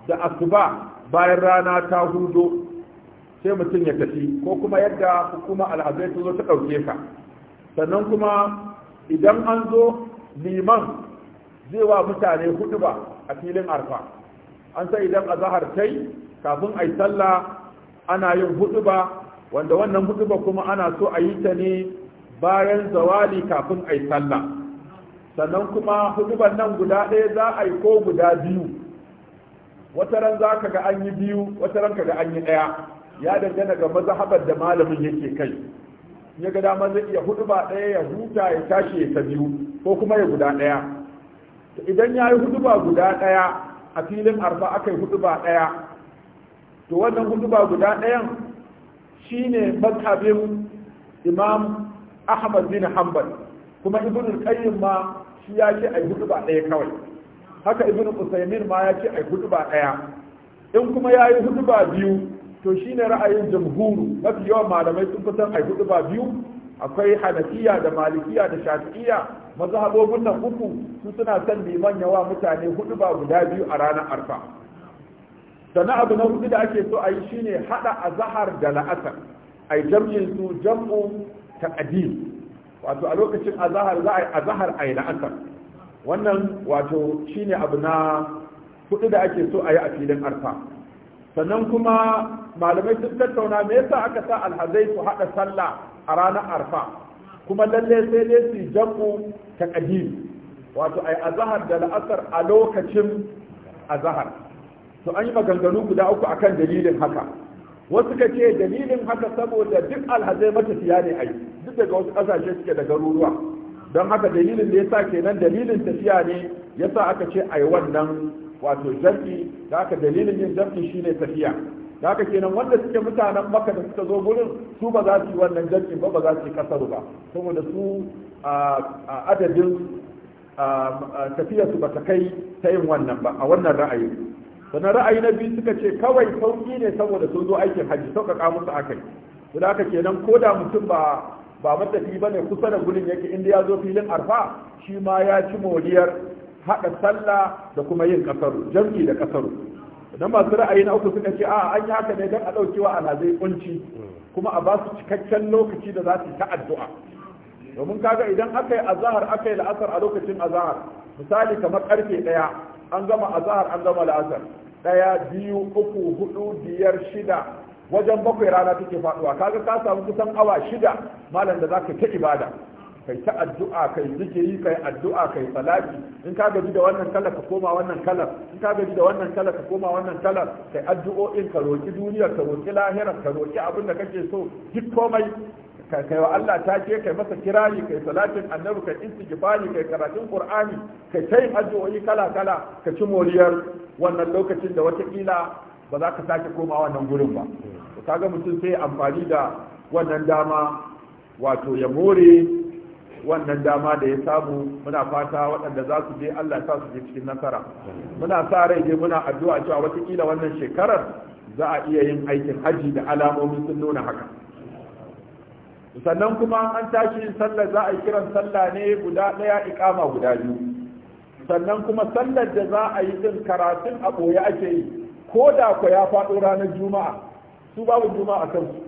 da asuba bayan rana ta hudu sai mutum ya tafi ko kuma yadda hukuma al'adai ta zo ta ɗauke ka sannan kuma idan an zo liman zai wa mutane hudu ba a filin arfa an sai idan azahar tai kafin a yi sallah ana yin hudu ba wanda wannan hudu ba kuma ana so a yi ta ne bayan zawali kafin a yi sallah sannan kuma huduban nan guda ɗaya za a yi ko guda biyu wata ran za ka ga an yi biyu wata ran ka ga an yi ɗaya ya dangana ga mazhabar da malamin yake kai ya ga dama zai iya huduba ɗaya ya huta ya tashi ya ta biyu ko kuma ya guda ɗaya idan ya yi huduba guda ɗaya a filin arba aka yi huduba ɗaya to wannan huduba guda ɗayan shine mazhabin imam ahmad bin hanbal kuma ibn qayyim ma shi ya ce a hudu ba ɗaya kawai haka ibn usaimin ma ya ce a hudu ba ɗaya in kuma ya yi hudu ba biyu to shi ne ra'ayin jamhuru mafi yawan malamai sun fitan a hudu ba biyu akwai hanafiya da malikiya da shafi'iya mazhabobin nan uku su suna son liman yawa mutane hudu ba guda biyu a ranar arfa sana abu na hudu da ake so a yi shine hada azhar da la'asar ai jam'in su jam'u taqdim wato a lokacin azahar za a yi azahar a yi la'asar wannan wato shine abu na hudu da ake so a yi a filin arfa sannan kuma malamai sun tattauna me yasa aka sa alhazai su haɗa sallah a ranar arfa kuma lalle sai dai su jam'u ta kadim wato ai azahar da la'asar a lokacin azahar. to an yi maganganu guda uku akan dalilin haka wasu ka ce dalilin haka saboda duk alhazai matafiya ne ai duk daga wasu kasashe suke da garuruwa don haka dalilin da ya yasa kenan dalilin tafiya ne ya sa aka ce ai wannan wato jam'i da aka dalilin yin jam'i ne tafiya da ke kenan wanda suke mutanen maka da suka zo gurin su ba za su yi wannan jam'i ba ba za su yi kasar ba saboda su a adadin tafiya su ba ta kai ta yin wannan ba a wannan ra'ayi sannan ra'ayi na biyu suka ce kawai sauki ne saboda sun zo aikin hajji sauƙaƙa musu akai kai da ke kenan ko da mutum ba ba matafi ba ne kusa da gudun yake inda ya zo filin arfa shi ma ya ci moriyar haɗa sallah da kuma yin kasaru jam'i da kasaru idan masu ra'ayi na uku suka ce a an yi haka ne don a ɗaukewa a zai kunci kuma a ba su cikakken lokaci da za su ta addu'a domin kaga idan aka yi azahar aka yi la'asar a lokacin azahar misali kamar karfe ɗaya an gama azahar an gama la'asar ɗaya biyu uku huɗu biyar shida wajen bakwai rana take faduwa kaga ka samu kusan awa shida malam da zaka ta ibada kai ta addu'a kai zikiri kai addu'a kai salati in ka gaji da wannan kalar ka koma wannan kalar in ka gaji da wannan kalar ka koma wannan kalar kai addu'o'in ka roki duniya ka roki lahirar ka roki abin da kake so duk komai kai wa Allah ta ce kai masa kirari kai salatin annabi kai istighfari kai karatun qur'ani kai kai addu'o'i kala kala ka ci moriyar wannan lokacin da wata kila ba za ka sake koma wannan gurin ba ga mutum sai amfani da wannan dama wato ya more wannan dama da ya samu muna fata waɗanda za su je Allah sa su je cikin nasara muna sa rai dai muna addu'a cewa watakila wannan shekarar za a iya yin aikin haji da alamomin sun nuna haka sannan kuma an tashi sallar za a yi kiran sallah ne guda ɗaya ikama guda biyu sannan kuma sallar da za a yi din karatun a ɓoye ake yi ko da ku ya faɗo ranar juma'a su babu juma'a kan su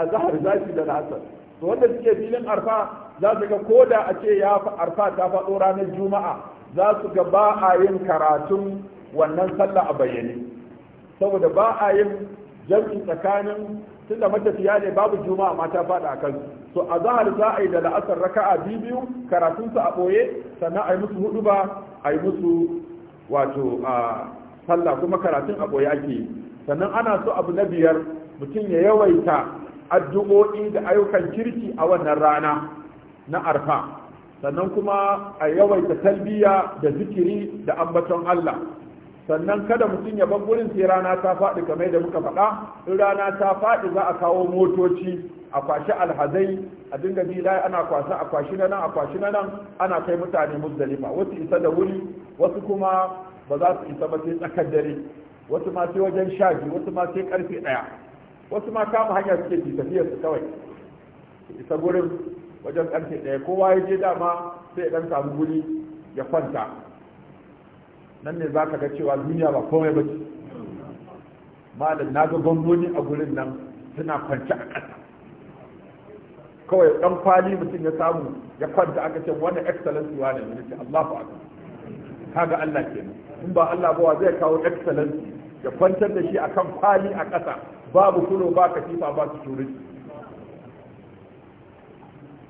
a zahar zafi da la'asar to wanda suke filin arfa za su ga ko da a ce ya arfa ta faɗo ranar juma'a za su ga ba a yin karatun wannan sallah a bayyane saboda ba a yin jam'i tsakanin tunda matafiya ne babu juma'a ma ta faɗa a kansu To a zahar za a yi da la'asar raka'a biyu karatunsu a ɓoye sannan a yi musu hudu ba a yi musu wato a sallah kuma karatun a boye ake sannan ana so abu na biyar mutum ya yawaita addu'o'i da ayyukan kirki a wannan rana na arfa sannan kuma a yawaita talbiya da zikiri da ambaton Allah sannan kada mutum ya bar gurin sai rana ta faɗi kamar da muka faɗa in rana ta faɗi za a kawo motoci a kwashi alhazai a dinga layi ana kwasa a kwashi na nan a kwashi na nan ana kai mutane muzdalifa wasu isa da wuri wasu kuma ba za su isa ba sai tsakar dare wasu ma sai wajen sha biyu wasu ma sai karfe ɗaya wasu ma kama hanya suke fi tafiyar su kawai isa gurin wajen karfe ɗaya kowa ya je dama sai ya ɗan samu guri ya kwanta nan ne za ka ga cewa duniya ba komai ba ce malam na ga gwamnoni a gurin nan suna kwance a ƙasa kawai ɗan kwali mutum ya samu ya kwanta aka ce wani excellence wani ne ce Allahu akbar kaga Allah kenan in ba Allah ba zai kawo excellence ya kwantar da shi akan fali a ƙasa babu kulo ba katifa ba su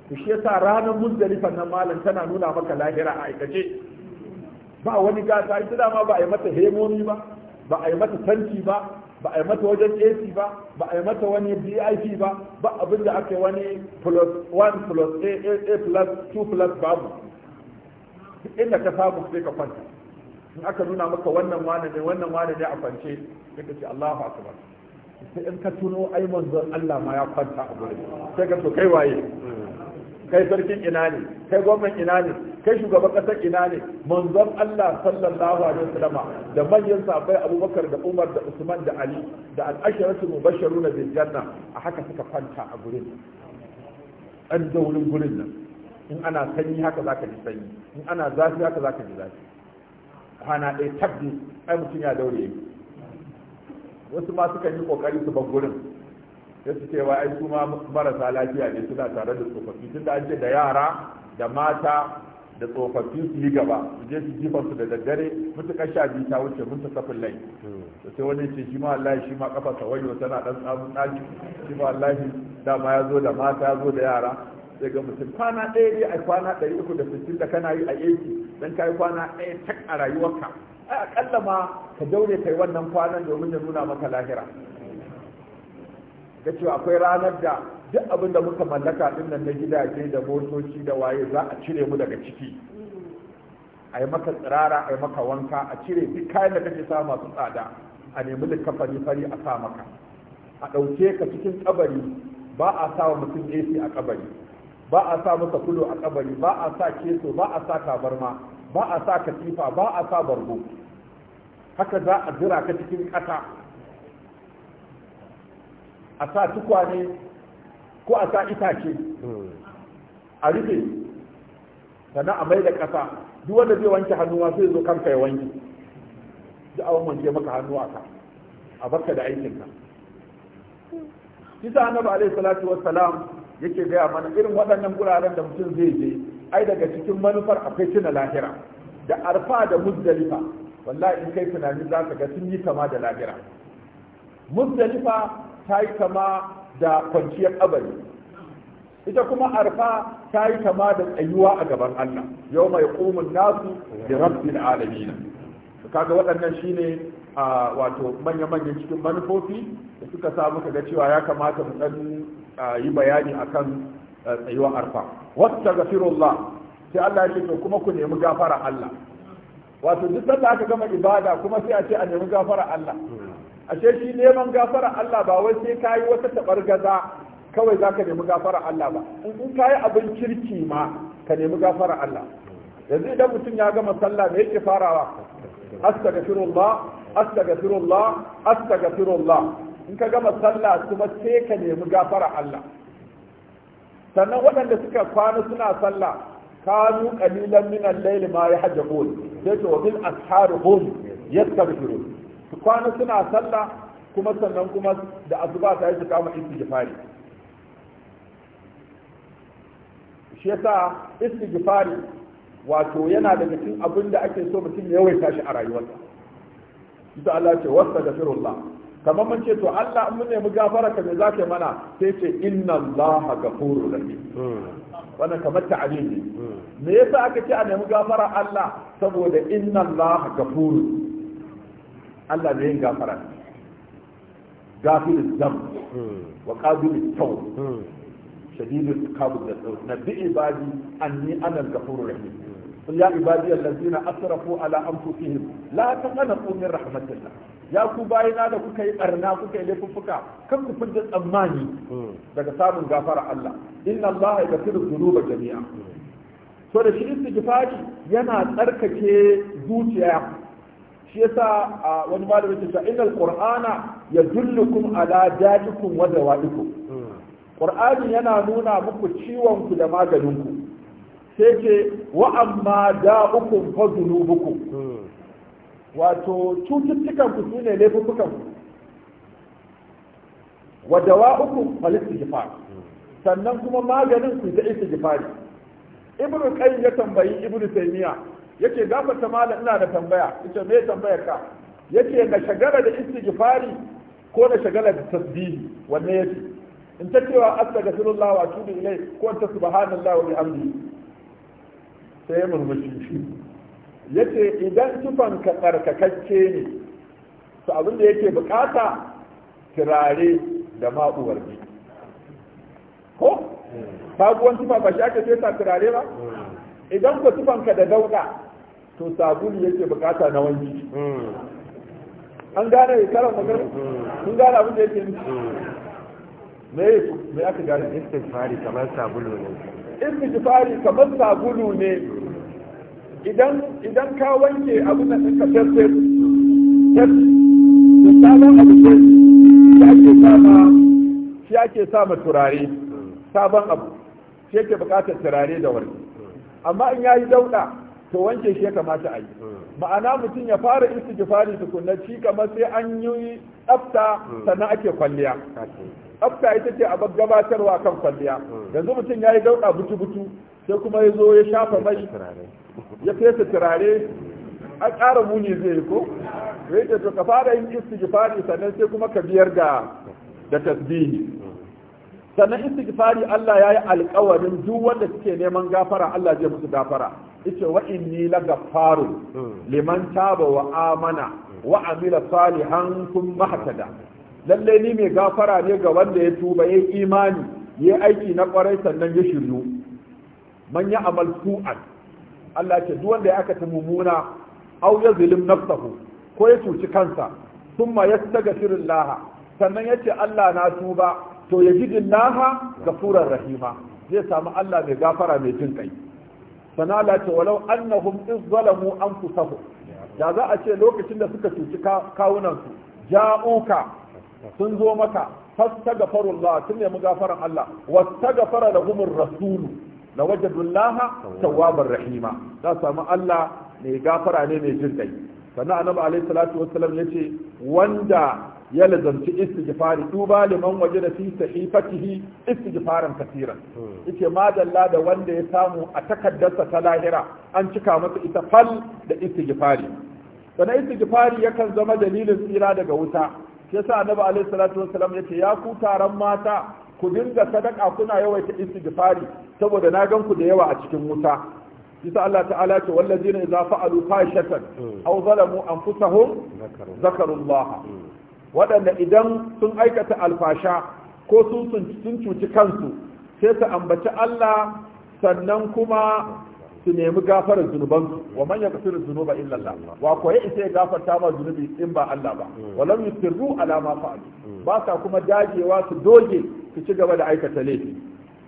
to shi yasa ranar muzdalifa nan malam tana nuna maka lahira a aikace ba wani gata ita ma ba a yi mata hemomi ba ba a yi mata tanti ba ba a yi mata wajen AC ba ba a yi mata wani BIP ba ba abin da aka yi wani plus 1 plus a plus 2 plus babu inda ka samu sai ka kwanta in aka nuna maka wannan wane ne wannan wane ne a kwance sai ka ce Allahu akbar sai in ka tuno ai manzon Allah ma ya kwanta a gurin sai ka to kai waye kai sarkin ina ne kai gwamnan ina ne kai shugaban kasar ina ne manzon Allah sallallahu alaihi wasallam da manyan sahabbai Abubakar da Umar da Usman da Ali da al-asharatu mubashiruna bil janna a haka suka kwanta a gurin an da wurin gurin nan in ana sanyi haka zaka ji sanyi in ana zafi haka zaka ji zafi kwana ɗaya tabbi ai mutum ya daure wasu ma sukan yi kokari su bar gurin sai su cewa ai su ma marasa lafiya ne suna tare da tsofaffi tun da an ce da yara da mata da tsofaffi su yi gaba su je su jifan su da daddare mutuƙar sha biyu ta wuce mun ta safin lai sai wani ce shi ma wallahi shi ma kafa sawayo tana dan tsamun ɗaki shi ma wallahi dama ya zo da mata ya zo da yara sai ga mutum kwana ɗaya dai a kwana ɗari uku da sittin da kana yi a yanki dan kai kwana ɗaya tak a rayuwarka a akalla ma ka daure kai wannan kwanan domin ya nuna maka lahira ga cewa akwai ranar da duk abin da muka mallaka din nan na gidaje da motoci da waye za a cire mu daga ciki a yi maka tsirara a yi maka wanka a cire duk kayan da kake sa masu tsada a nemi likafani fari a sa maka a ɗauke ka cikin kabari ba a sawa mutum AC a kabari ba a sa masa fulo a kabari ba a sa keso ba a sa tabarma ba a sa katifa ba a sa bargo haka za a jira ka cikin ƙasa a sa tukwane ko a sa itace a rufe sannan a mai da ƙasa duk wanda zai wanke hannuwa sai zo kanka ya wanke duk awon wanke maka hannu a ka a baka da aikinka isa annabi alaihi salatu wassalam yake gaya mana irin waɗannan guraren da mutum zai je ai daga cikin manufar akwai tuna lahira da arfa da muzdalifa wallahi in kai tunani za ka ga sun yi kama da lahira muzdalifa ta yi kama da kwanciyar abari, ita kuma arfa ta yi kama da tsayuwa a gaban Allah yau mai ƙumin nasu da rabbin alamina kaga waɗannan shine a wato manya-manyan cikin manufofi da suka samu ka ga cewa ya kamata mu ɗan yi bayani akan eh, tsayuwar arfa wastaghfirullah sai Allah ya ce kuma ku nemi gafara Allah wato duk sanda aka gama ibada kuma sai a ce a nemi gafara Allah ashe shi neman gafara Allah ba wai sai kayi wata tabargaza kawai zaka nemi gafara Allah ba in kayi abin kirki ma ka nemi gafara Allah yanzu idan mutum ya gama sallah me yake farawa astaghfirullah astaghfirullah astaghfirullah in ka gama sallah kuma sai ka nemi a Allah sannan waɗanda suka kwana suna sallah kanu qalilan min al-layli ma yahjabun sai to bil ashar yastaghfirun su kwana suna sallah kuma sannan kuma da azuba ta yi su kama istighfari shi yasa istighfari wato yana daga cikin abin da ake so mutum ya yawaita shi a rayuwarsa ita Allah ce wasta da firullah kamar mun ce to Allah in mun nemi gafara ka me zaka mana sai ce inna Allah ghafurur rahim wannan kamar ta'alim ne me yasa aka ce a nemi gafara Allah saboda inna Allah ghafurur Allah ne yin gafara gafirul dam wa qabilul tawb shadidul qabd nabi ibadi anni ana ghafurur rahim قل يا عبادي الذين اسرفوا على انفسهم لا تقنطوا من رحمه الله ya ku na da kuka yi barna kuka yi laifuffuka kan ku fidda tsammani hmm. daga samun gafara Allah inna Allah ya gafiru dhunuba jami'a so da shi istighfari yana tsarkake zuciya shi yasa wani malamin ya ce innal qur'ana yadullukum ala da'ikum wa dawa'ikum hmm. qur'ani yana nuna muku ciwon ku da maganin ku sai ce wa amma da'ukum fa dhunubukum hmm. wato cututtukan ku sune laifukan ku wa dawa'ukum fal sannan kuma maganin ku da istighfari ibnu qayyim ya tambayi ibnu taymiya yace gafarta malam ina da tambaya yace me tambayar ka yace na shagala da istighfari ko na shagala da tasbihi wanne yace in ta cewa astaghfirullah wa atubu ilayh ko ta subhanallah wa sai murmushi yace idan tufan ka tsarkakakke ne to abin da yake bukata turare da ma'uwar ji ko sabuwan tufa ba shi ake fesa turare ba idan ka tufan ka da dauka to sabulu yake bukata na wanki an gane karan magana sun gane abin da yake nufi me me aka gane istifari kamar sabulu ne istifari kamar sabulu ne idan ka wanke abu da suka tasse da sabon abu ce shi ke sama shi ake sama turare sabon abu shi ke bukatar turare da warki amma in ya yi dauda to wanke shi ya kamata a yi ma'ana mutum ya fara istighfari tukunan shi kamar sai an yi tsafta sannan ake kwalliya tsafta ita ce a gabatarwa kan kwalliya yanzu mutum ya yi dauɗa butu-butu sai kuma ya zo ya shafa mai ya fesa turare a ƙara muni zai yi ko ya ce ka fara yin istighfari sannan sai kuma ka biyar da da tasbihi sannan istighfari Allah ya yi alƙawarin duk wanda suke neman gafara Allah zai musu gafara yace wa inni la gafaru liman taba wa amana wa amila salihan thumma mahtada lalle ni mai gafara ne ga wanda ya tuba yayi imani yayi aiki na kwarai sannan ya shiryu man ya amal su'an Allah ce duwanda wanda ya aka ta mummuna aw ya nafsahu ko ya cuci kansa thumma laha sannan yace Allah na tuba to ga furar rahima zai samu Allah mai gafara mai jin kai sana Allah ce walau annahum iz zalamu anfusahum da za a ce lokacin da suka cuci kawunansu ja'uka sun zo maka fastaghfirullah sun nemi gafaran Allah da lahumur rasulu Na waje laha tawwabar rahima za samu Allah mai gafara ne mai jin kai sannan annabi alayhi salatu wassalam ce wanda ya lazanci istighfari duba liman waje da fi sahifatihi istighfaran kasiran. yace madalla da wanda ya samu a takaddarsa ta lahira an cika masa ita fal da istighfari sannan istighfari yakan zama dalilin tsira daga wuta yasa annabi alayhi salatu wassalam yace ya ku taron mata ku dinga sadaka kuna yawaita istighfari saboda na gan ku da yawa a cikin wuta yasa Allah ta'ala ce wallazina idza fa'alu fahishatan aw zalamu anfusahum zakarullah wadanda idan sun aikata alfasha ko sun sun cuci kansu sai su ambaci Allah sannan kuma su nemi gafarar zunubansu wa man yaqsiru dhunuba illa Allah wa ko ya isa ya gafarta ma zunubi in ba Allah ba walam yusirru ala ma fa'alu ba sa kuma dagewa su doge Ku ci gaba da aikata laifi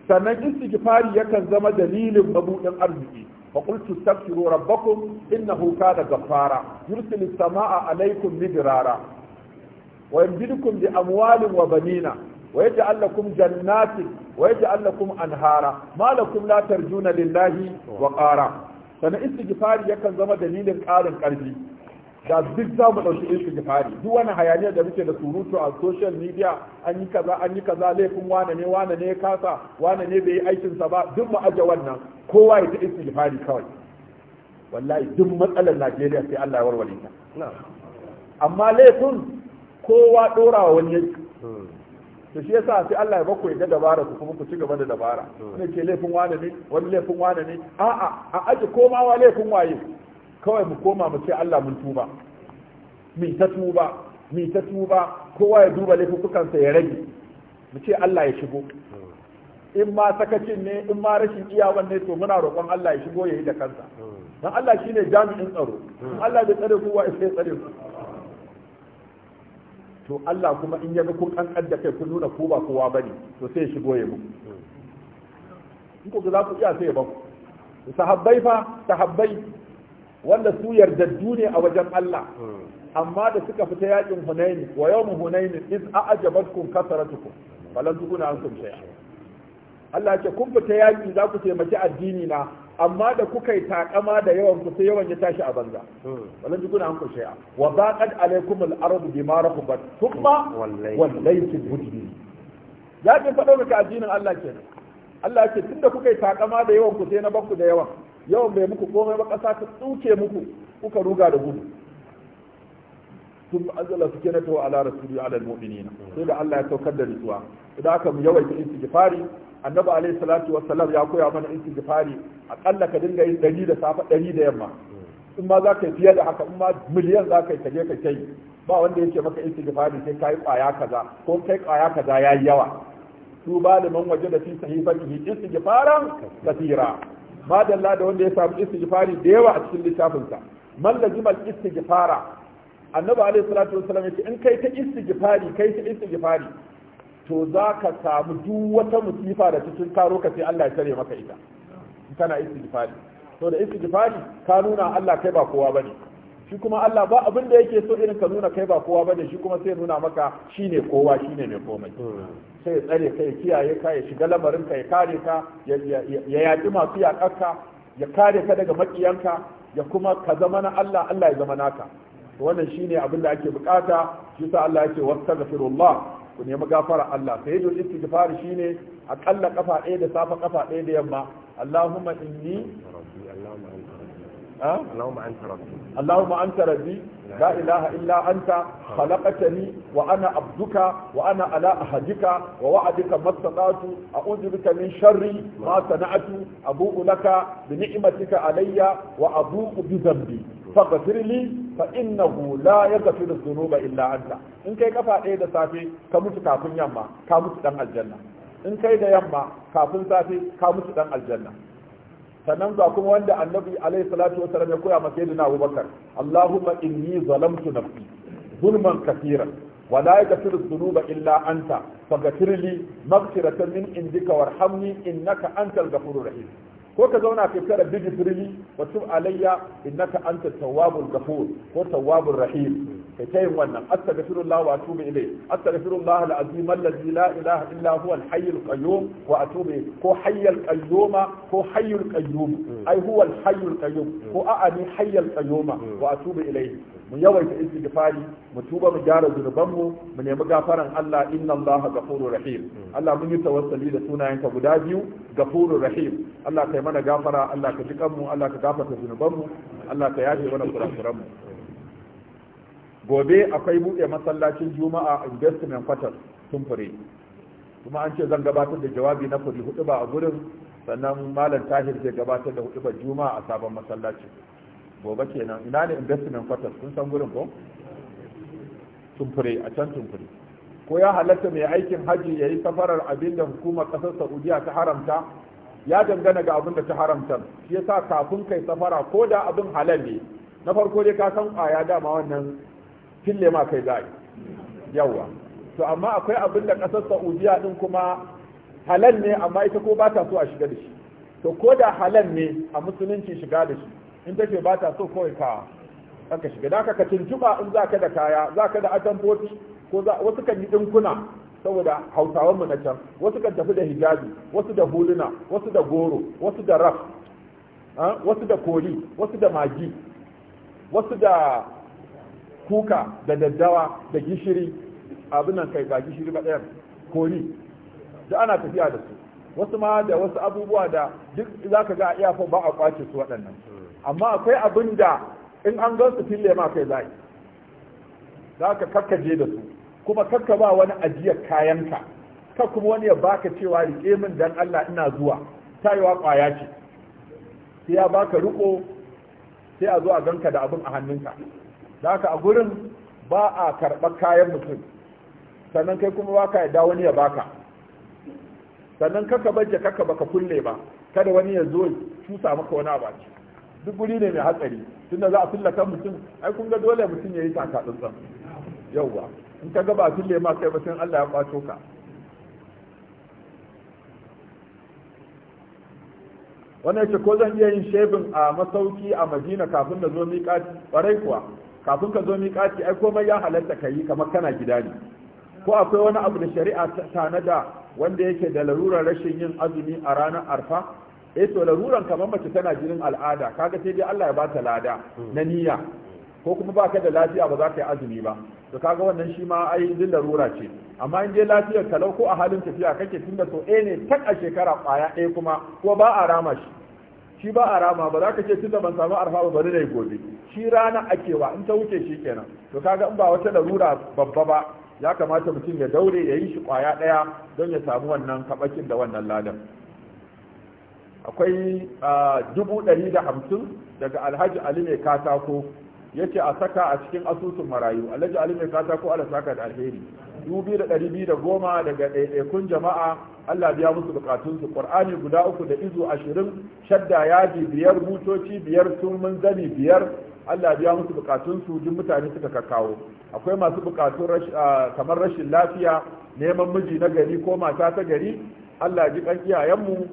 sannan istighfari yakan zama dalilin mabudin arziki fa qultu tastaghfiru rabbakum innahu kana ghaffara yursilu samaa alaykum midrara wa yumdidukum bi amwalin wa banina wa yaj'al lakum jannatin wa yaj'al lakum anhara ma lakum la tarjuna lillahi wa qara sannan istighfari yakan zama dalilin ƙarin ƙarfi. da duk za mu ɗauki istighfari duk wani hayaniya da muke da surutu a social media an yi kaza an yi kaza laifin wane ne wane ne ya kasa wane ne bai yi aikin sa ba duk mu aje wannan kowa ya ji istighfari kawai wallahi duk matsalar Najeriya sai Allah ya warware ta amma laifin kowa ɗora wa wani yake to shi yasa sai Allah ya baku ya dabara ku kuma ku ci gaba da dabara hmm. ne ke laifin wane ne wani laifin wane ne a'a a aje koma wa laifin waye kawai mu koma mu ce Allah mun tuba mi ta tuba mi ta tuba kowa ya duba sa ya rage mu ce Allah ya shigo in ma sakacin ne in ma rashin iyawan ne to muna roƙon Allah ya shigo ya yi da kansa dan Allah shine jami'in tsaro in Allah bai tsare kowa sai tsare ku to Allah kuma in ya ga kun kan kadda kai kun nuna ko ba kowa bane to sai ya shigo ya muku in ku za ku iya sai ya ku. sahabbai fa sahabbai wanda su yardaddu ne a wajen Allah hmm. amma da suka fita yakin Hunain wa yawm Hunain iz a'jabatkum kasaratukum falan tukuna ankum shay'a Allah ce kun fita yaki za ku taimaki addini na amma da kuka yi takama da yawan ku sai yawan ya tashi a banza hmm. falan tukuna ankum shay'a wa baqad alaykum al-ardu bima rahabat thumma wallaytum mudbirin ya ce faɗa maka addinin Allah kenan Allah ce tunda kuka yi takama da yawan ku sai na bakku da yawan yawan mai muku komai ba ƙasa ta tsuke muku kuka ruga da gudu sun azala su na tawa ala rasuli ala almu'minina sai da Allah ya saukar da nutsuwa idan aka mu yawaita istighfari annabi alaihi salatu wassalam ya koya mana istighfari akalla ka dinga yin dari da safa dari da yamma in ma za ka yi fiye da haka in ma miliyan za ka yi kaje ka kai ba wanda yake maka istighfari sai kai kwaya kaza ko kai kwaya kaza yayi yawa tuba liman waje da fi sahifatihi istighfaran kasira madalla da wanda ya samu istighfari da yawa a cikin littafinsa man lazimal istighfara annabi alaihi salatu wasallam yace in kai ta istighfari kai ta istighfari to za ka samu duk wata musifa da cikin karo ka sai Allah ya tare maka ita kana istighfari to da istighfari ka nuna Allah kai ba kowa bane shi kuma Allah ba abin da yake so irin ka nuna kai ba kowa ba ne shi kuma sai nuna maka shine kowa shine mai komai sai ya tsare ka ya kiyaye ka ya shiga lamarin ka ya kare ka ya yaƙi masu yaƙarka ya kare ka daga maƙiyanka ya kuma ka zama na Allah Allah ya zama naka wannan shine abin da ake bukata shi sa Allah yake wastaghfirullah ku nemi gafara Allah sai yadda istighfar shine aƙalla kafa ɗaya da safa kafa ɗaya da yamma Allahumma inni Allahumma anta rabbi Allahumma anta rabbi la ilaha illa anta khalaqtani wa ana abduka wa ana ala ahadika wa wa'adika mastata'tu a bika min sharri ma sana'tu abu'u laka bi ni'matika alayya wa abu'u bi dhanbi faghfir li fa innahu la yaghfiru dhunuba illa anta in kai kafa ɗaya da safe ka mutu kafin yamma ka mutu dan aljanna in kai da yamma kafin safe ka mutu ɗan aljanna sannan ga kuma wanda annabi alaihi salatu wa sallam ya koya ma sayyidina abubakar allahumma inni zalamtu nafsi zulman kathiran wa la yaghfiru dhunuba illa anta faghfirli maghfiratan min indika warhamni innaka antal da rahim ko ka zauna ka kara bigi firili wa tub alayya innaka anta tawwabul ghafur ko tawwabur rahim kai ta wannan astaghfirullah wa atubu ilayh astaghfirullah alazim alladhi la ilaha illa huwa alhayyul qayyum wa atubu ko hayyul qayyuma ko hayyul qayyum ai huwa alhayyul qayyum ko a'ani hayy al-qayyum wa atubu ilayh mu yawaita istighfari mu tuba mu gyara zunubanmu mu nemi gafaran Allah inna Allah gafurur rahim Allah mun yi tawassuli da sunayenka guda biyu gafurur rahim Allah kai mana gafara Allah ka ji kanmu Allah ka gafarta zunubanmu Allah ka yafe mana mu gobe akwai buɗe masallacin juma'a investment quarter tumfure kuma an ce zan gabatar da jawabi na fure hudu ba a gurin sannan malam tahir zai gabatar da hudu ba juma'a a sabon masallacin gobe kenan ina ne investment quarters kun san gurin ko tumfure a can tumfure ko ya halatta mai aikin hajji ya yi safarar abin da hukumar ƙasar saudiya ta haramta ya dangana ga abin da ta haramta shi yasa kafin kai safara ko da abin halal ne na farko dai ka san ƙwaya dama wannan fille ma kai za yawa to amma akwai abin da ƙasar saudiya din kuma halal ne amma ita ko ba ta so a shiga da shi to ko da halal ne a musulunci shiga da shi in ta ba ta so kawai ka aka shiga da ka tuntuba in za ka da kaya za ka da atamfofi ko za wasu kan yi dinkuna saboda hausawan mu na can wasu kan tafi da hijabi wasu da huluna wasu da goro wasu da raf wasu da koli wasu da magi wasu da kuka da daddawa da gishiri abin nan kai ba gishiri ba ɗayan koli da ana tafiya da su wasu ma da wasu abubuwa da duk za ka ga a iyafin ba a kwace su waɗannan amma akwai abin da in an gan su fille ma kai zai za ka kakkaje da su kuma kakka ba wani ajiyar kayanka ka kuma wani ya baka cewa riƙe min dan Allah ina zuwa tayewa ƙwaya ce sai ya baka riƙo, sai a zo a ganka da abin a hannunka za ka a gurin ba a karɓar kayan mutum sannan kai kuma baka yadda wani ya baka sannan kaka baje kaka baka kulle ba kada wani ya zo cusa maka wani abaci duk guri ne mai hatsari tunda za a fillaka kan mutum ai kun ga dole mutum yayi taka tsantsan yauwa in ka ga ba fille ma kai ba sai Allah ya kwato ka wannan yake ko zan iya yin shebin a masauki a Madina kafin na zo miƙati ƙwarai kuwa kafin ka zo miƙati ai komai ya halatta ka yi kamar kana gida ne ko akwai wani abu da shari'a ta tanada wanda yake da larurar rashin yin azumi a ranar arfa eh to laruran kamar mace tana jinin al'ada kaga sai dai Allah ya ba ta lada hmm. na niyya ko kuma baka da lafiya ba za ka yi azumi ba to kaga wannan shi ma ai din larura ce amma in dai lafiyar talau ko a halin tafiya kake tunda so ɗaya ne tak a shekara kwaya eh kuma ko ba a rama shi shi ba a rama ba za ka ce tunda ban samu arfa ba bari nayi gobe shi rana ake wa in ta wuce shi kenan to kaga in ba wata larura babba ba ya kamata mutum ya daure ya yi shi kwaya ɗaya don ya samu wannan kabakin da wannan ladan akwai dubu ɗari da hamsin daga alhaji ali mai katako yake a saka a cikin asusun marayu alhaji ali mai katako ala saka da alheri dubu da ɗari biyu da goma daga ɗaiɗaikun jama'a allah biya musu bukatunsu Kur'ani guda uku da izu ashirin shadda yaji biyar butoci biyar turmin zani biyar Allah biya musu bukatunsu duk mutane suka kakawo akwai masu bukatun kamar rashin lafiya neman miji na gari ko mata ta gari Allah ji kan iyayenmu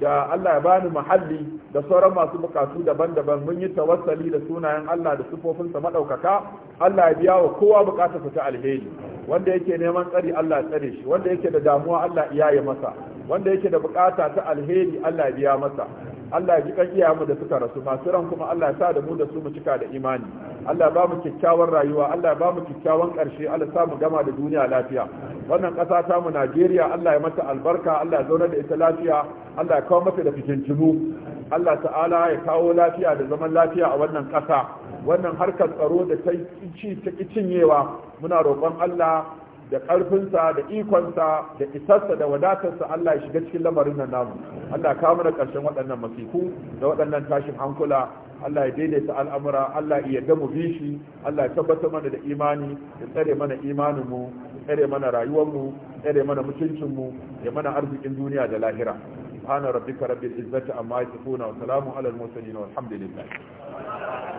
da Allah ya bani muhalli da sauran masu bukatu daban-daban mun yi tawassali da sunayen Allah da sifofinsa maɗaukaka, Allah ya biya wa kowa bukatarsa ta alheri wanda yake neman tsari Allah ya tsare shi wanda yake da damuwa Allah ya yi masa wanda yake da bukata ta alheri Allah ya biya masa Allah ya ji kan iyayenmu da suka rasu masu ran kuma Allah ya sa da mu da su mu cika da imani Allah ba mu kyakkyawan rayuwa Allah ba mu kyakkyawan karshe Allah sa mu gama da duniya lafiya wannan ƙasa ta mu Najeriya Allah ya mata albarka Allah ya zauna da ita lafiya Allah ya kawo mata da fitintunu Allah ta'ala ya kawo lafiya da zaman lafiya a wannan ƙasa wannan harkar tsaro da ta ci ta cinyewa muna roƙon Allah da ƙarfinsa da ikonsa da isarsa da wadatarsa Allah ya shiga cikin lamarin nan namu Allah ka mana ƙarshen waɗannan masiku da waɗannan tashin hankula Allah ya daidaita al'amura Allah ya yarda mu bishi Allah ya tabbatar mana da imani ya tsare mana imanin mu tsare mana rayuwar mu tsare mana mutuncin mu ya mana arzikin duniya da lahira subhana rabbika rabbil izzati amma yasifuna wa salamun alal mursalin walhamdulillah